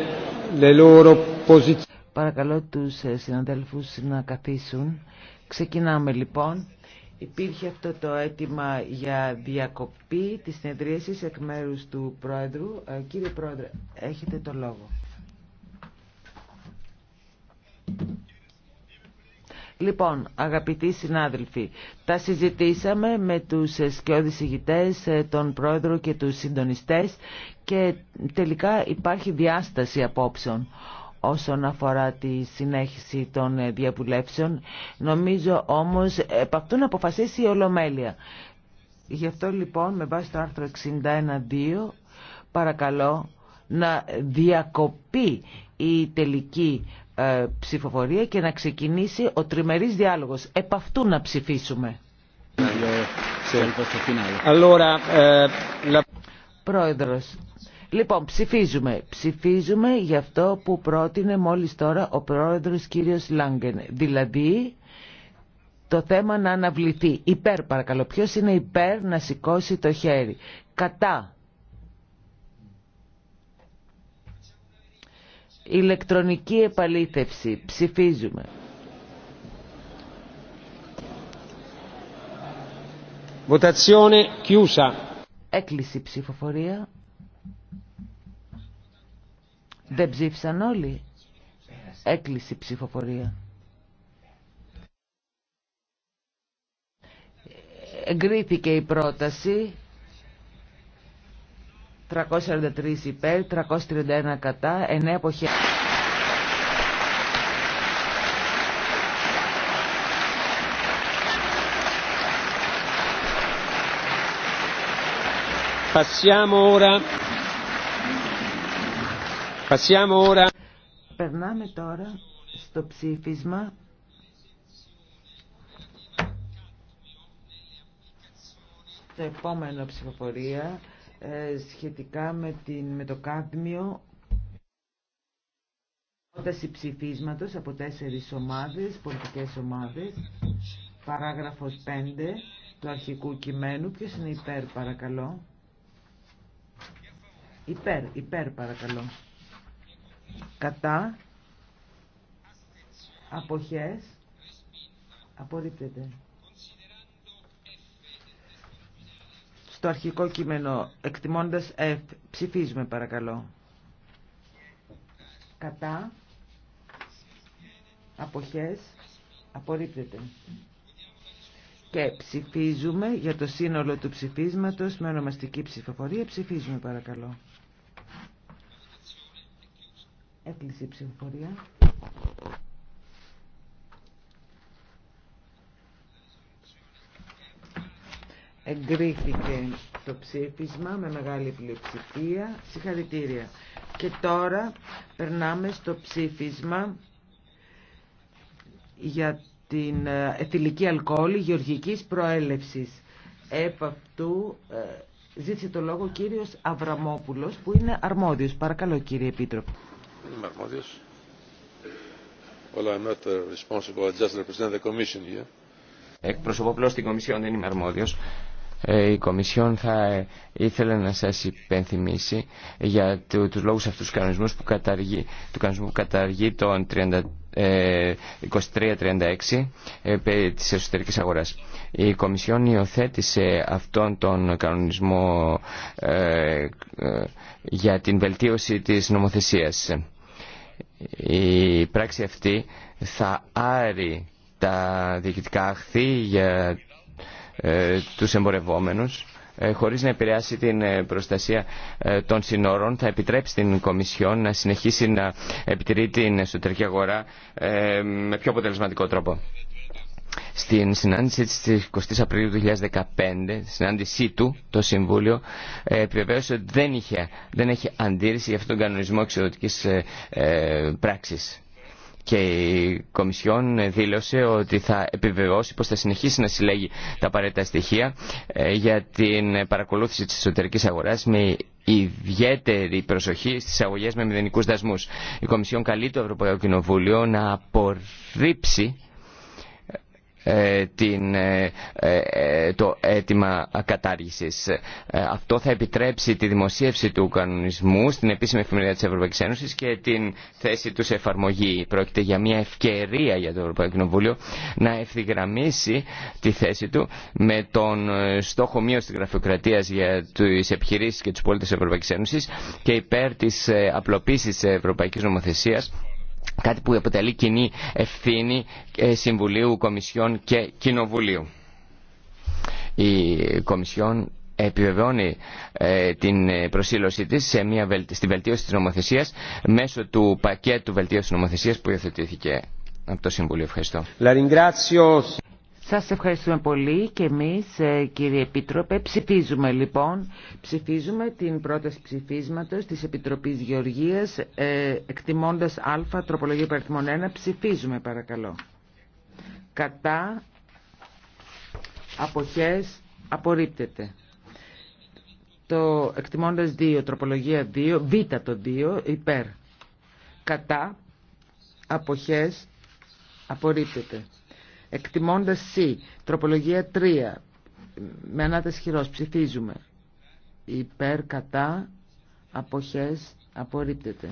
le loro posizioni. Παρακαλώ τους συναδέλφους να καθίσουν. Ξεκινάμε λοιπόν. Υπήρχε αυτό το αίτημα για διακοπή της συνεδρίασης εκ μέρους του Πρόεδρου. Ε, κύριε Πρόεδρε, έχετε το λόγο. Λοιπόν, αγαπητοί συνάδελφοι, τα συζητήσαμε με τους σκιώδης ηγητές, ε, τον πρόεδρο και τους συντονιστές και τελικά υπάρχει διάσταση απόψεων όσον αφορά τη συνέχιση των ε, διαβουλεύσεων. Νομίζω όμως επ' αυτού να αποφασίσει η Ολομέλεια. Γι' αυτό λοιπόν με βάση το άρθρο 61.2 παρακαλώ να διακοπεί η τελική ε, ψηφοφορία και να ξεκινήσει ο τριμερής διάλογος. Επ' αυτού να ψηφίσουμε. Eh, Πρόεδρος. Λοιπόν, ψηφίζουμε. Ψηφίζουμε για αυτό που πρότεινε μόλις τώρα ο πρόεδρος κύριος Λάγκεν. Δηλαδή, το θέμα να αναβληθεί. Υπέρ παρακαλώ. Ποιος είναι υπέρ να σηκώσει το χέρι. Κατά. Ηλεκτρονική επαλήθευση. Ψηφίζουμε. Votazione chiusa. Έκλεισε η ψηφοφορία. Δεν ψήφισαν όλοι. Έκλεισε η ψηφοφορία. Εγκρίθηκε η πρόταση. 343 υπέρ, 331 κατά, 9 εποχές. Passiamo ora Περνάμε τώρα στο ψήφισμα το επόμενο ψηφοφορία ε, σχετικά με, την, το κάδμιο πρόταση ψηφίσματος από τέσσερις ομάδες, πολιτικές ομάδες παράγραφος 5 του αρχικού κειμένου ποιος είναι υπέρ παρακαλώ υπέρ, υπέρ παρακαλώ κατά αποχές απορρίπτεται. Στο αρχικό κείμενο, εκτιμώντας F, ψηφίζουμε παρακαλώ. Κατά αποχές απορρίπτεται. Και ψηφίζουμε για το σύνολο του ψηφίσματος με ονομαστική ψηφοφορία. Ψηφίζουμε παρακαλώ. Έκλεισε η ψηφοφορία. Εγκρίθηκε το ψήφισμα με μεγάλη πλειοψηφία. Συγχαρητήρια. Και τώρα περνάμε στο ψήφισμα για την ε, εθιλική αλκοόλη γεωργικής προέλευσης. Επ' αυτού ε, ζήτησε το λόγο ο κύριος Αβραμόπουλος που είναι αρμόδιος. Παρακαλώ κύριε Επίτροπο. Είμαι αρμόδιος. Well, I'm uh, Εκπροσωπώ πλώς την Κομισιόν, δεν είμαι αρμόδιος. Ε, η Κομισιόν θα ε, ήθελε να σας υπενθυμίσει για τους λόγους αυτούς του κανονισμού που καταργεί, του κανονισμού που καταργεί τον 30, 23-36 ε, της εσωτερικής αγοράς. Η Κομισιόν υιοθέτησε αυτόν τον κανονισμό για την βελτίωση της νομοθεσίας η πράξη αυτή θα άρει τα διοικητικά αχθή για ε, τους εμπορευόμενους ε, χωρίς να επηρεάσει την ε, προστασία ε, των συνόρων θα επιτρέψει την Κομισιόν να συνεχίσει να επιτηρεί την εσωτερική αγορά με πιο αποτελεσματικό τρόπο. Στην συνάντηση της 20 Απριλίου 2015, συνάντησή του, το Συμβούλιο, ε, επιβεβαίωσε ότι δεν, είχε, δεν έχει αντίρρηση για αυτόν τον κανονισμό εξοδοτικής ε, ε, πράξης. Και η Κομισιόν δήλωσε ότι θα επιβεβαιώσει πως θα συνεχίσει να συλλέγει τα απαραίτητα στοιχεία ε, για την παρακολούθηση της εσωτερικής αγοράς με ιδιαίτερη προσοχή στις αγωγές με μηδενικούς δασμούς. Η Κομισιόν καλεί το Ευρωπαϊκό Κοινοβούλιο να απορρίψει ε, την, ε, ε, το αίτημα κατάργησης. Αυτό θα επιτρέψει τη δημοσίευση του κανονισμού στην επίσημη εφημερίδα της Ευρωπαϊκής Ένωσης και την θέση του σε εφαρμογή. Πρόκειται για μια ευκαιρία για το Ευρωπαϊκό Κοινοβούλιο να ευθυγραμμίσει τη θέση του με τον στόχο μείωση της γραφειοκρατίας για τις επιχειρήσεις και τους πολίτες της Ευρωπαϊκής Ένωσης και υπέρ της απλοποίησης της Ευρωπαϊκής Νομοθεσίας κάτι που αποτελεί κοινή ευθύνη ε, Συμβουλίου, Κομισιόν και Κοινοβουλίου. Η Κομισιόν επιβεβαιώνει ε, την ε, προσήλωσή της σε μια βελτίωση της νομοθεσίας μέσω του πακέτου βελτίωσης νομοθεσίας που υιοθετήθηκε από το Συμβούλιο. Ευχαριστώ. Σας ευχαριστούμε πολύ και εμείς ε, κύριε Επίτροπε ψηφίζουμε λοιπόν ψηφίζουμε την πρόταση ψηφίσματος της Επιτροπής Γεωργίας ε, εκτιμώντας α τροπολογία παριθμών 1 ψηφίζουμε παρακαλώ κατά αποχές απορρίπτεται το εκτιμώντας 2 τροπολογία 2 β το 2 υπέρ κατά αποχές απορρίπτεται Εκτιμώντα C, τροπολογία 3, με ανάταση χειρός, ψηφίζουμε. Υπέρ, κατά, αποχές, απορρίπτεται.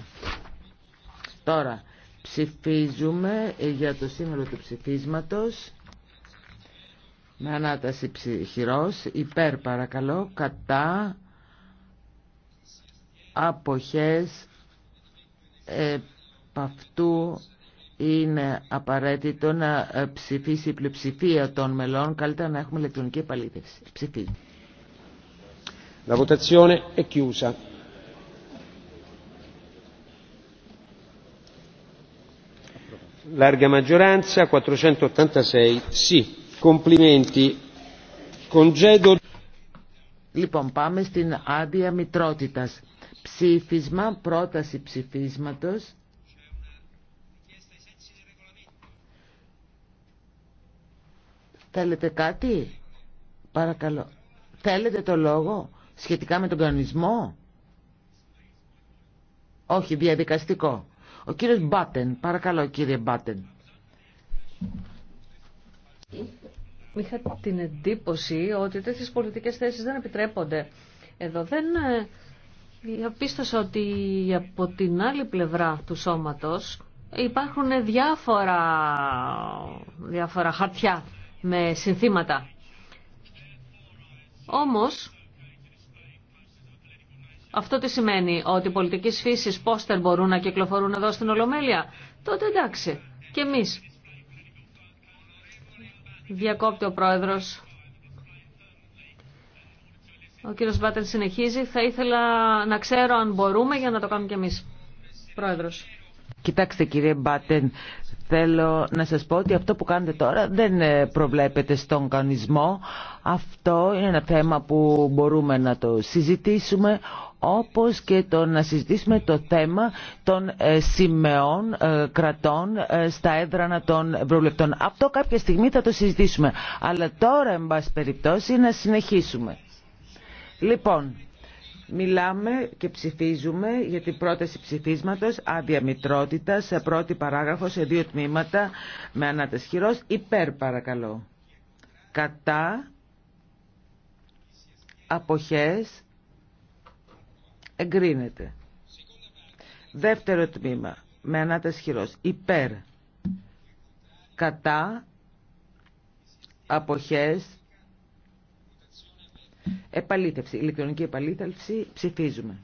Τώρα, ψηφίζουμε για το σύνολο του ψηφίσματος. Με ανάταση χειρός, υπέρ παρακαλώ, κατά, αποχές, επ' αυτού είναι απαραίτητο να ε, ψηφίσει η πλειοψηφία των μελών. Καλύτερα να έχουμε ηλεκτρονική επαλήθευση. Ψηφίζει. La votazione è chiusa. Larga maggioranza, 486 sì. Complimenti. Congedo. Λοιπόν, πάμε στην άδεια μητρότητας. Ψήφισμα, πρόταση ψηφίσματος. Θέλετε κάτι? Παρακαλώ. Θέλετε το λόγο σχετικά με τον κανονισμό? Όχι, διαδικαστικό. Ο κύριος Μπάτεν. Παρακαλώ κύριε Μπάτεν. Είχα την εντύπωση ότι τέτοιες πολιτικές θέσεις δεν επιτρέπονται. Εδώ δεν διαπίστωσα ε, ε, ότι από την άλλη πλευρά του σώματος υπάρχουν διάφορα, διάφορα χαρτιά με συνθήματα. Όμως, αυτό τι σημαίνει, ότι πολιτικής φύσης πόστερ μπορούν να κυκλοφορούν εδώ στην Ολομέλεια. Τότε εντάξει, και εμείς. Διακόπτει ο πρόεδρος. Ο κύριος Μπάτεν συνεχίζει. Θα ήθελα να ξέρω αν μπορούμε για να το κάνουμε και εμείς. Πρόεδρος. Κοιτάξτε κύριε Μπάτεν, Θέλω να σας πω ότι αυτό που κάνετε τώρα δεν ε, προβλέπεται στον κανονισμό. Αυτό είναι ένα θέμα που μπορούμε να το συζητήσουμε όπως και το να συζητήσουμε το θέμα των ε, σημαίων ε, κρατών στα έδρανα των προβλεπτών. Αυτό κάποια στιγμή θα το συζητήσουμε. Αλλά τώρα, εν πάση περιπτώσει, να συνεχίσουμε. Λοιπόν, Μιλάμε και ψηφίζουμε για την πρόταση ψηφίσματος άδεια μητρότητα σε πρώτη παράγραφο σε δύο τμήματα με ανατεσχυρός υπέρ παρακαλώ. Κατά αποχές εγκρίνεται. Δεύτερο τμήμα με ανατεσχυρός υπέρ κατά αποχές Επαλήθευση, ηλεκτρονική επαλήθευση, ψηφίζουμε.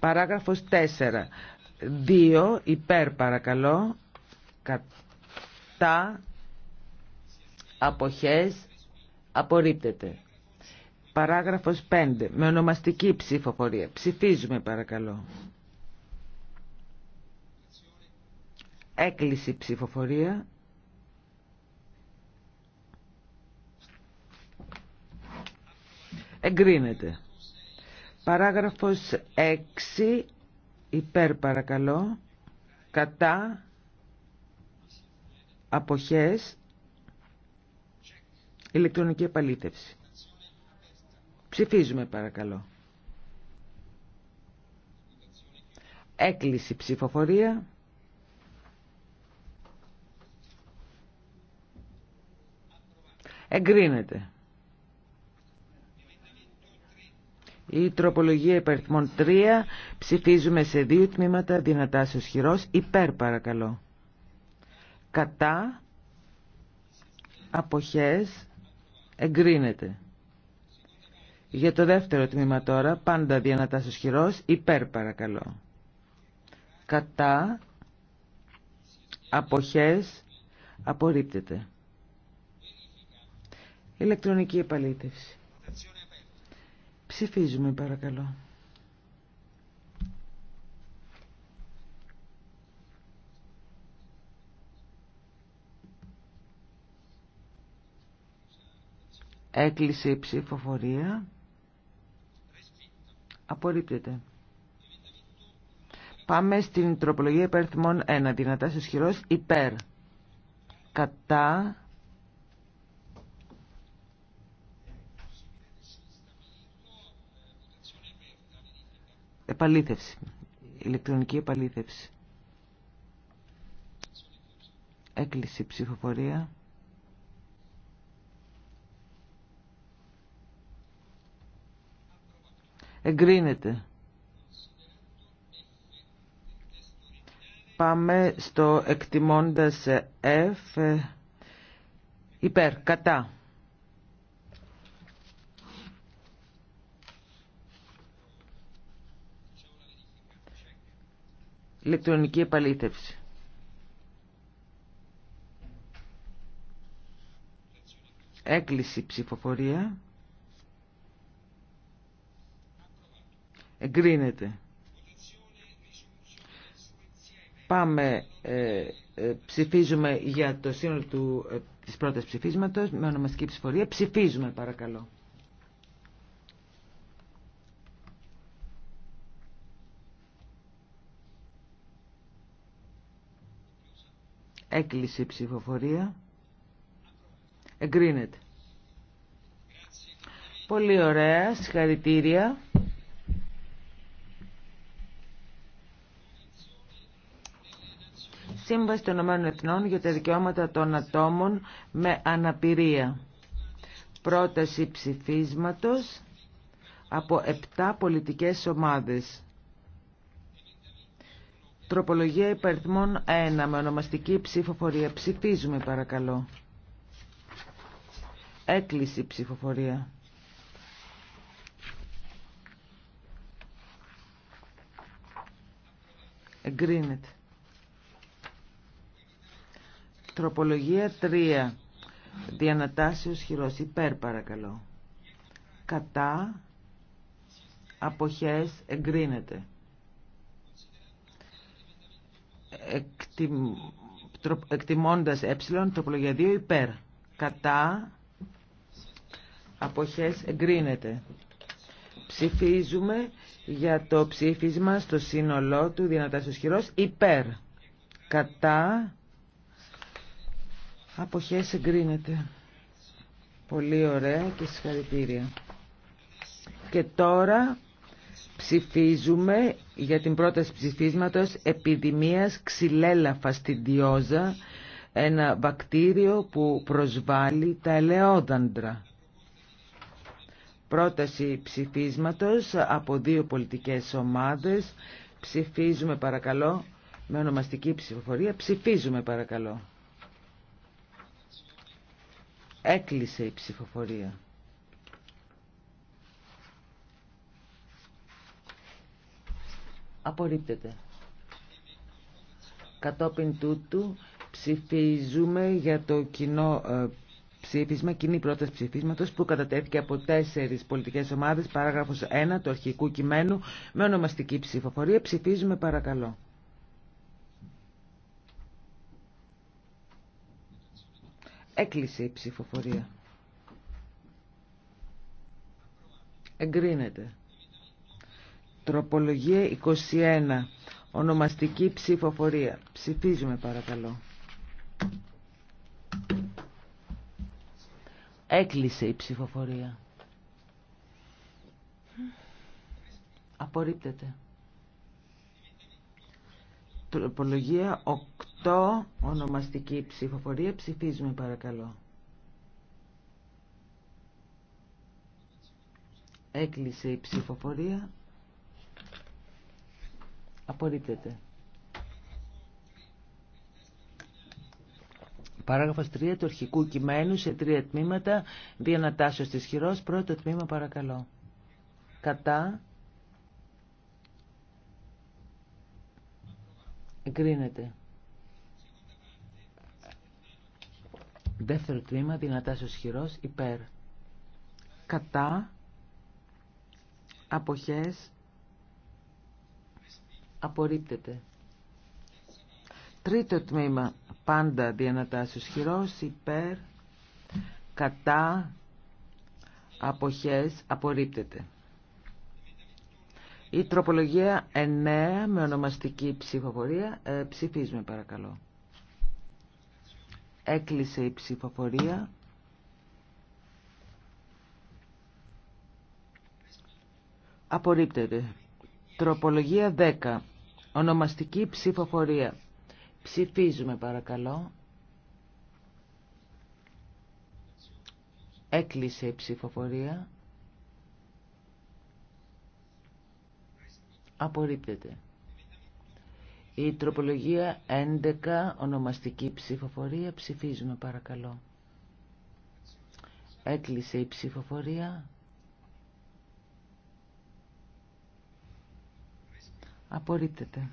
Παράγραφος 4. 2 υπέρ παρακαλώ. Κατά αποχές απορρίπτεται. Παράγραφος 5. Με ονομαστική ψηφοφορία. Ψηφίζουμε παρακαλώ. Έκλειση ψηφοφορία. Εγκρίνεται. Παράγραφος 6. Υπέρ παρακαλώ. Κατά. Αποχές. Ηλεκτρονική επαλήθευση. Ψηφίζουμε παρακαλώ. Έκλειση ψηφοφορία. Εγκρίνεται. Η τροπολογία υπαριθμών 3 ψηφίζουμε σε δύο τμήματα δυνατά χειρός υπέρ παρακαλώ. Κατά αποχές εγκρίνεται. Για το δεύτερο τμήμα τώρα πάντα δυνατά χειρός υπέρ παρακαλώ. Κατά αποχές απορρίπτεται. Ηλεκτρονική επαλήτευση. Ψηφίζουμε παρακαλώ. Έκλεισε η ψηφοφορία. Απορρίπτεται. Πάμε στην τροπολογία υπέρ 1. Δυνατά σε χειρός υπέρ. Κατά επαλήθευση, ηλεκτρονική επαλήθευση. Έκλειση ψηφοφορία. Εγκρίνεται. Πάμε στο εκτιμώντας F υπέρ, κατά. ηλεκτρονική επαλήθευση. Έκλειση ψηφοφορία. Εγκρίνεται. Πάμε, ε, ε, ψηφίζουμε για το σύνολο του, ε, της πρώτης ψηφίσματος με ονομαστική ψηφορία. Ψηφίζουμε παρακαλώ. Έκλεισε η ψηφοφορία. Εγκρίνεται. Πολύ ωραία. Συγχαρητήρια. Σύμβαση των Ηνωμένων Εθνών για τα δικαιώματα των ατόμων με αναπηρία. Πρόταση ψηφίσματος από 7 πολιτικές ομάδες. Τροπολογία υπαριθμών 1 με ονομαστική ψηφοφορία. Ψηφίζουμε παρακαλώ. Έκλειση ψηφοφορία. Εγκρίνεται. Τροπολογία 3. Διανατάσεως χειρός. Υπέρ παρακαλώ. Κατά. Αποχές εγκρίνεται. Εκτιμώντα εκτιμώντας ε, τροπολογία 2 υπέρ. Κατά αποχές εγκρίνεται. Ψηφίζουμε για το ψήφισμα στο σύνολό του δυνατά χειρός υπέρ. Κατά αποχές εγκρίνεται. Πολύ ωραία και συγχαρητήρια. Και τώρα Ψηφίζουμε για την πρόταση ψηφίσματος επιδημίας ξυλέλαφα στην ένα βακτήριο που προσβάλλει τα ελαιόδαντρα. Πρόταση ψηφίσματος από δύο πολιτικές ομάδες. Ψηφίζουμε παρακαλώ με ονομαστική ψηφοφορία. Ψηφίζουμε παρακαλώ. Έκλεισε η ψηφοφορία. απορρίπτεται. Κατόπιν τούτου ψηφίζουμε για το κοινό ε, ψήφισμα, κοινή πρόταση ψηφίσματος που κατατέθηκε από τέσσερις πολιτικές ομάδες, παράγραφος 1 του αρχικού κειμένου, με ονομαστική ψηφοφορία. Ψηφίζουμε παρακαλώ. Έκλεισε η ψηφοφορία. Εγκρίνεται. Τροπολογία 21. Ονομαστική ψηφοφορία. Ψηφίζουμε παρακαλώ. Έκλεισε η ψηφοφορία. Απορρίπτεται. Τροπολογία 8. Ονομαστική ψηφοφορία. Ψηφίζουμε παρακαλώ. Έκλεισε η ψηφοφορία. Απορρίπτεται. Παράγραφος 3 του αρχικού κειμένου σε τρία τμήματα, διανατάσσεως της χειρός, πρώτο τμήμα παρακαλώ. Κατά. Εγκρίνεται. Δεύτερο τμήμα, δυνατάσσεως χειρός, υπέρ. Κατά. Αποχές απορρίπτεται. Τρίτο τμήμα, πάντα διανατάσεις χειρός, υπέρ, κατά, αποχές, απορρίπτεται. Η τροπολογία 9 με ονομαστική ψηφοφορία, ε, ψηφίζουμε παρακαλώ. Έκλεισε η ψηφοφορία. Απορρίπτεται. Τροπολογία 10. Ονομαστική ψηφοφορία. Ψηφίζουμε παρακαλώ. Έκλεισε η ψηφοφορία. Απορρίπτεται. Η τροπολογία 11, ονομαστική ψηφοφορία. Ψηφίζουμε παρακαλώ. Έκλεισε η ψηφοφορία. Απορρίπτεται.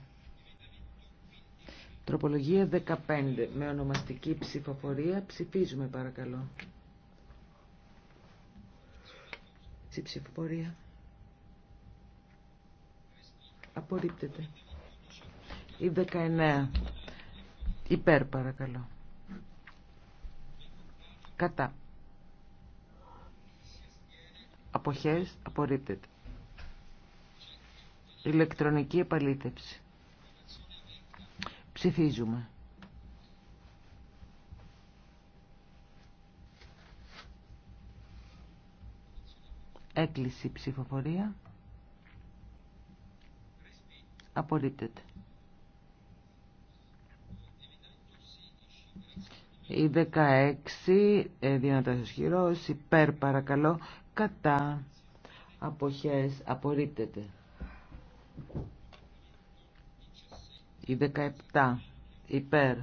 Τροπολογία 15 με ονομαστική ψηφοφορία. Ψηφίζουμε παρακαλώ. Στη ψηφοφορία. Απορρίπτεται. Η 19. Υπέρ παρακαλώ. Κατά. Αποχές απορρίπτεται. Ηλεκτρονική επαλήθευση. Ψηφίζουμε. Έκλειση ψηφοφορία. Απορρίπτεται. Η 16, ε, δυνατός χειρός, υπέρ παρακαλώ, κατά αποχές, απορρίπτεται. Η 17 υπέρ.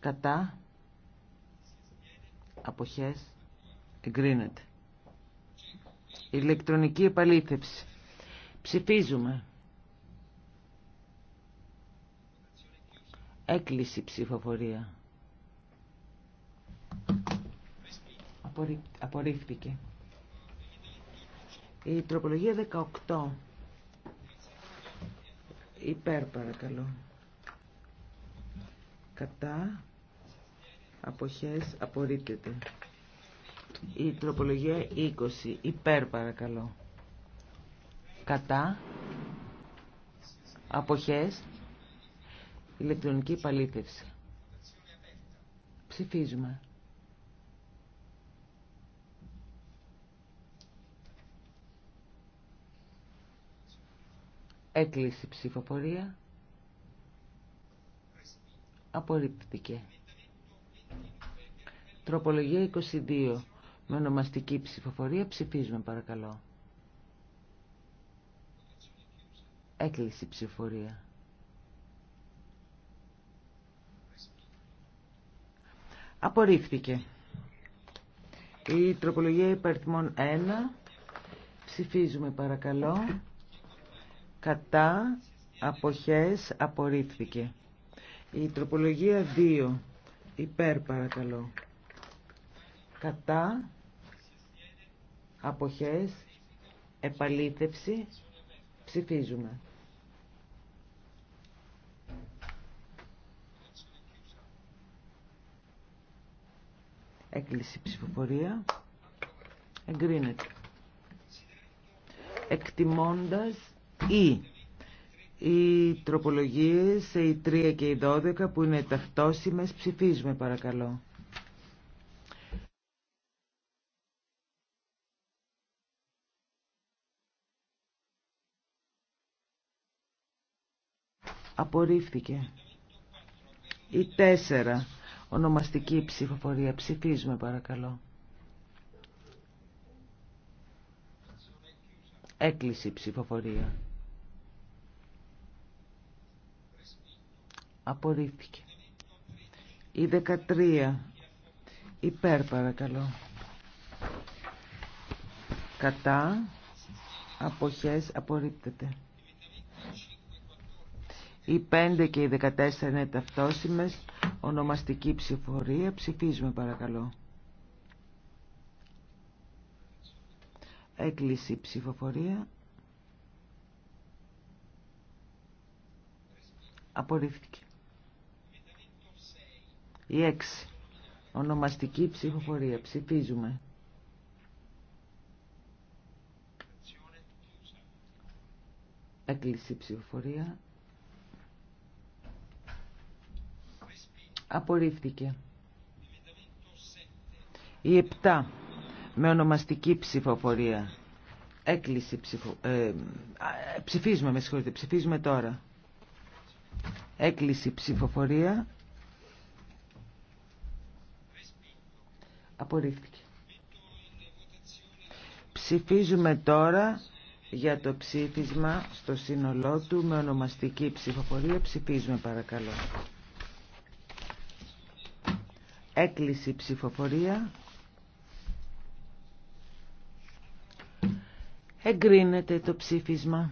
Κατά. Αποχές. Εγκρίνεται. Ηλεκτρονική επαλήθευση. Ψηφίζουμε. Έκλειση ψηφοφορία. Απορρίφθηκε. Η τροπολογία 18. Υπέρ παρακαλώ. Κατά. Αποχές απορρίπτεται. Η τροπολογία 20. Υπέρ παρακαλώ. Κατά. Αποχές. Ηλεκτρονική παλήθευση. Ψηφίζουμε. Έκλεισε η ψηφοφορία. Απορρίπτηκε. Τροπολογία 22. Με ονομαστική ψηφοφορία ψηφίζουμε παρακαλώ. Έκλεισε η ψηφοφορία. Απορρίφθηκε. Η τροπολογία υπαριθμών 1. Ψηφίζουμε παρακαλώ κατά αποχές απορρίφθηκε. Η τροπολογία 2 υπέρ παρακαλώ. Κατά αποχές επαλήθευση ψηφίζουμε. Έκλεισε ψηφοφορία. Εγκρίνεται. Εκτιμώντας ή οι τροπολογίες, οι 3 και οι 12 που είναι ταυτόσιμες, ψηφίζουμε παρακαλώ. Απορρίφθηκε. Η 4. Ονομαστική ψηφοφορία. Ψηφίζουμε παρακαλώ. έκλειση ψηφοφορία. Απορρίφθηκε. Η 13. Υπέρ παρακαλώ. Κατά. Αποχές απορρίπτεται. Η 5 και η 14 είναι ταυτόσιμες. Ονομαστική ψηφορία. Ψηφίζουμε παρακαλώ. Έκλειση ψηφοφορία. Απορρίφθηκε. Η έξι, Ονομαστική ψηφοφορία. Ψηφίζουμε. Έκλεισε η ψηφοφορία. Απορρίφθηκε. Η επτά, Με ονομαστική ψηφοφορία. Έκλεισε ψηφο... Ε, ε, ψηφίζουμε, με συγχωρείτε. Ψηφίζουμε τώρα. Έκλεισε ψηφοφορία. Απορρίφθηκε. Ψηφίζουμε τώρα για το ψήφισμα στο σύνολό του με ονομαστική ψηφοφορία. Ψηφίζουμε παρακαλώ. Έκλειση ψηφοφορία. Εγκρίνεται το ψήφισμα.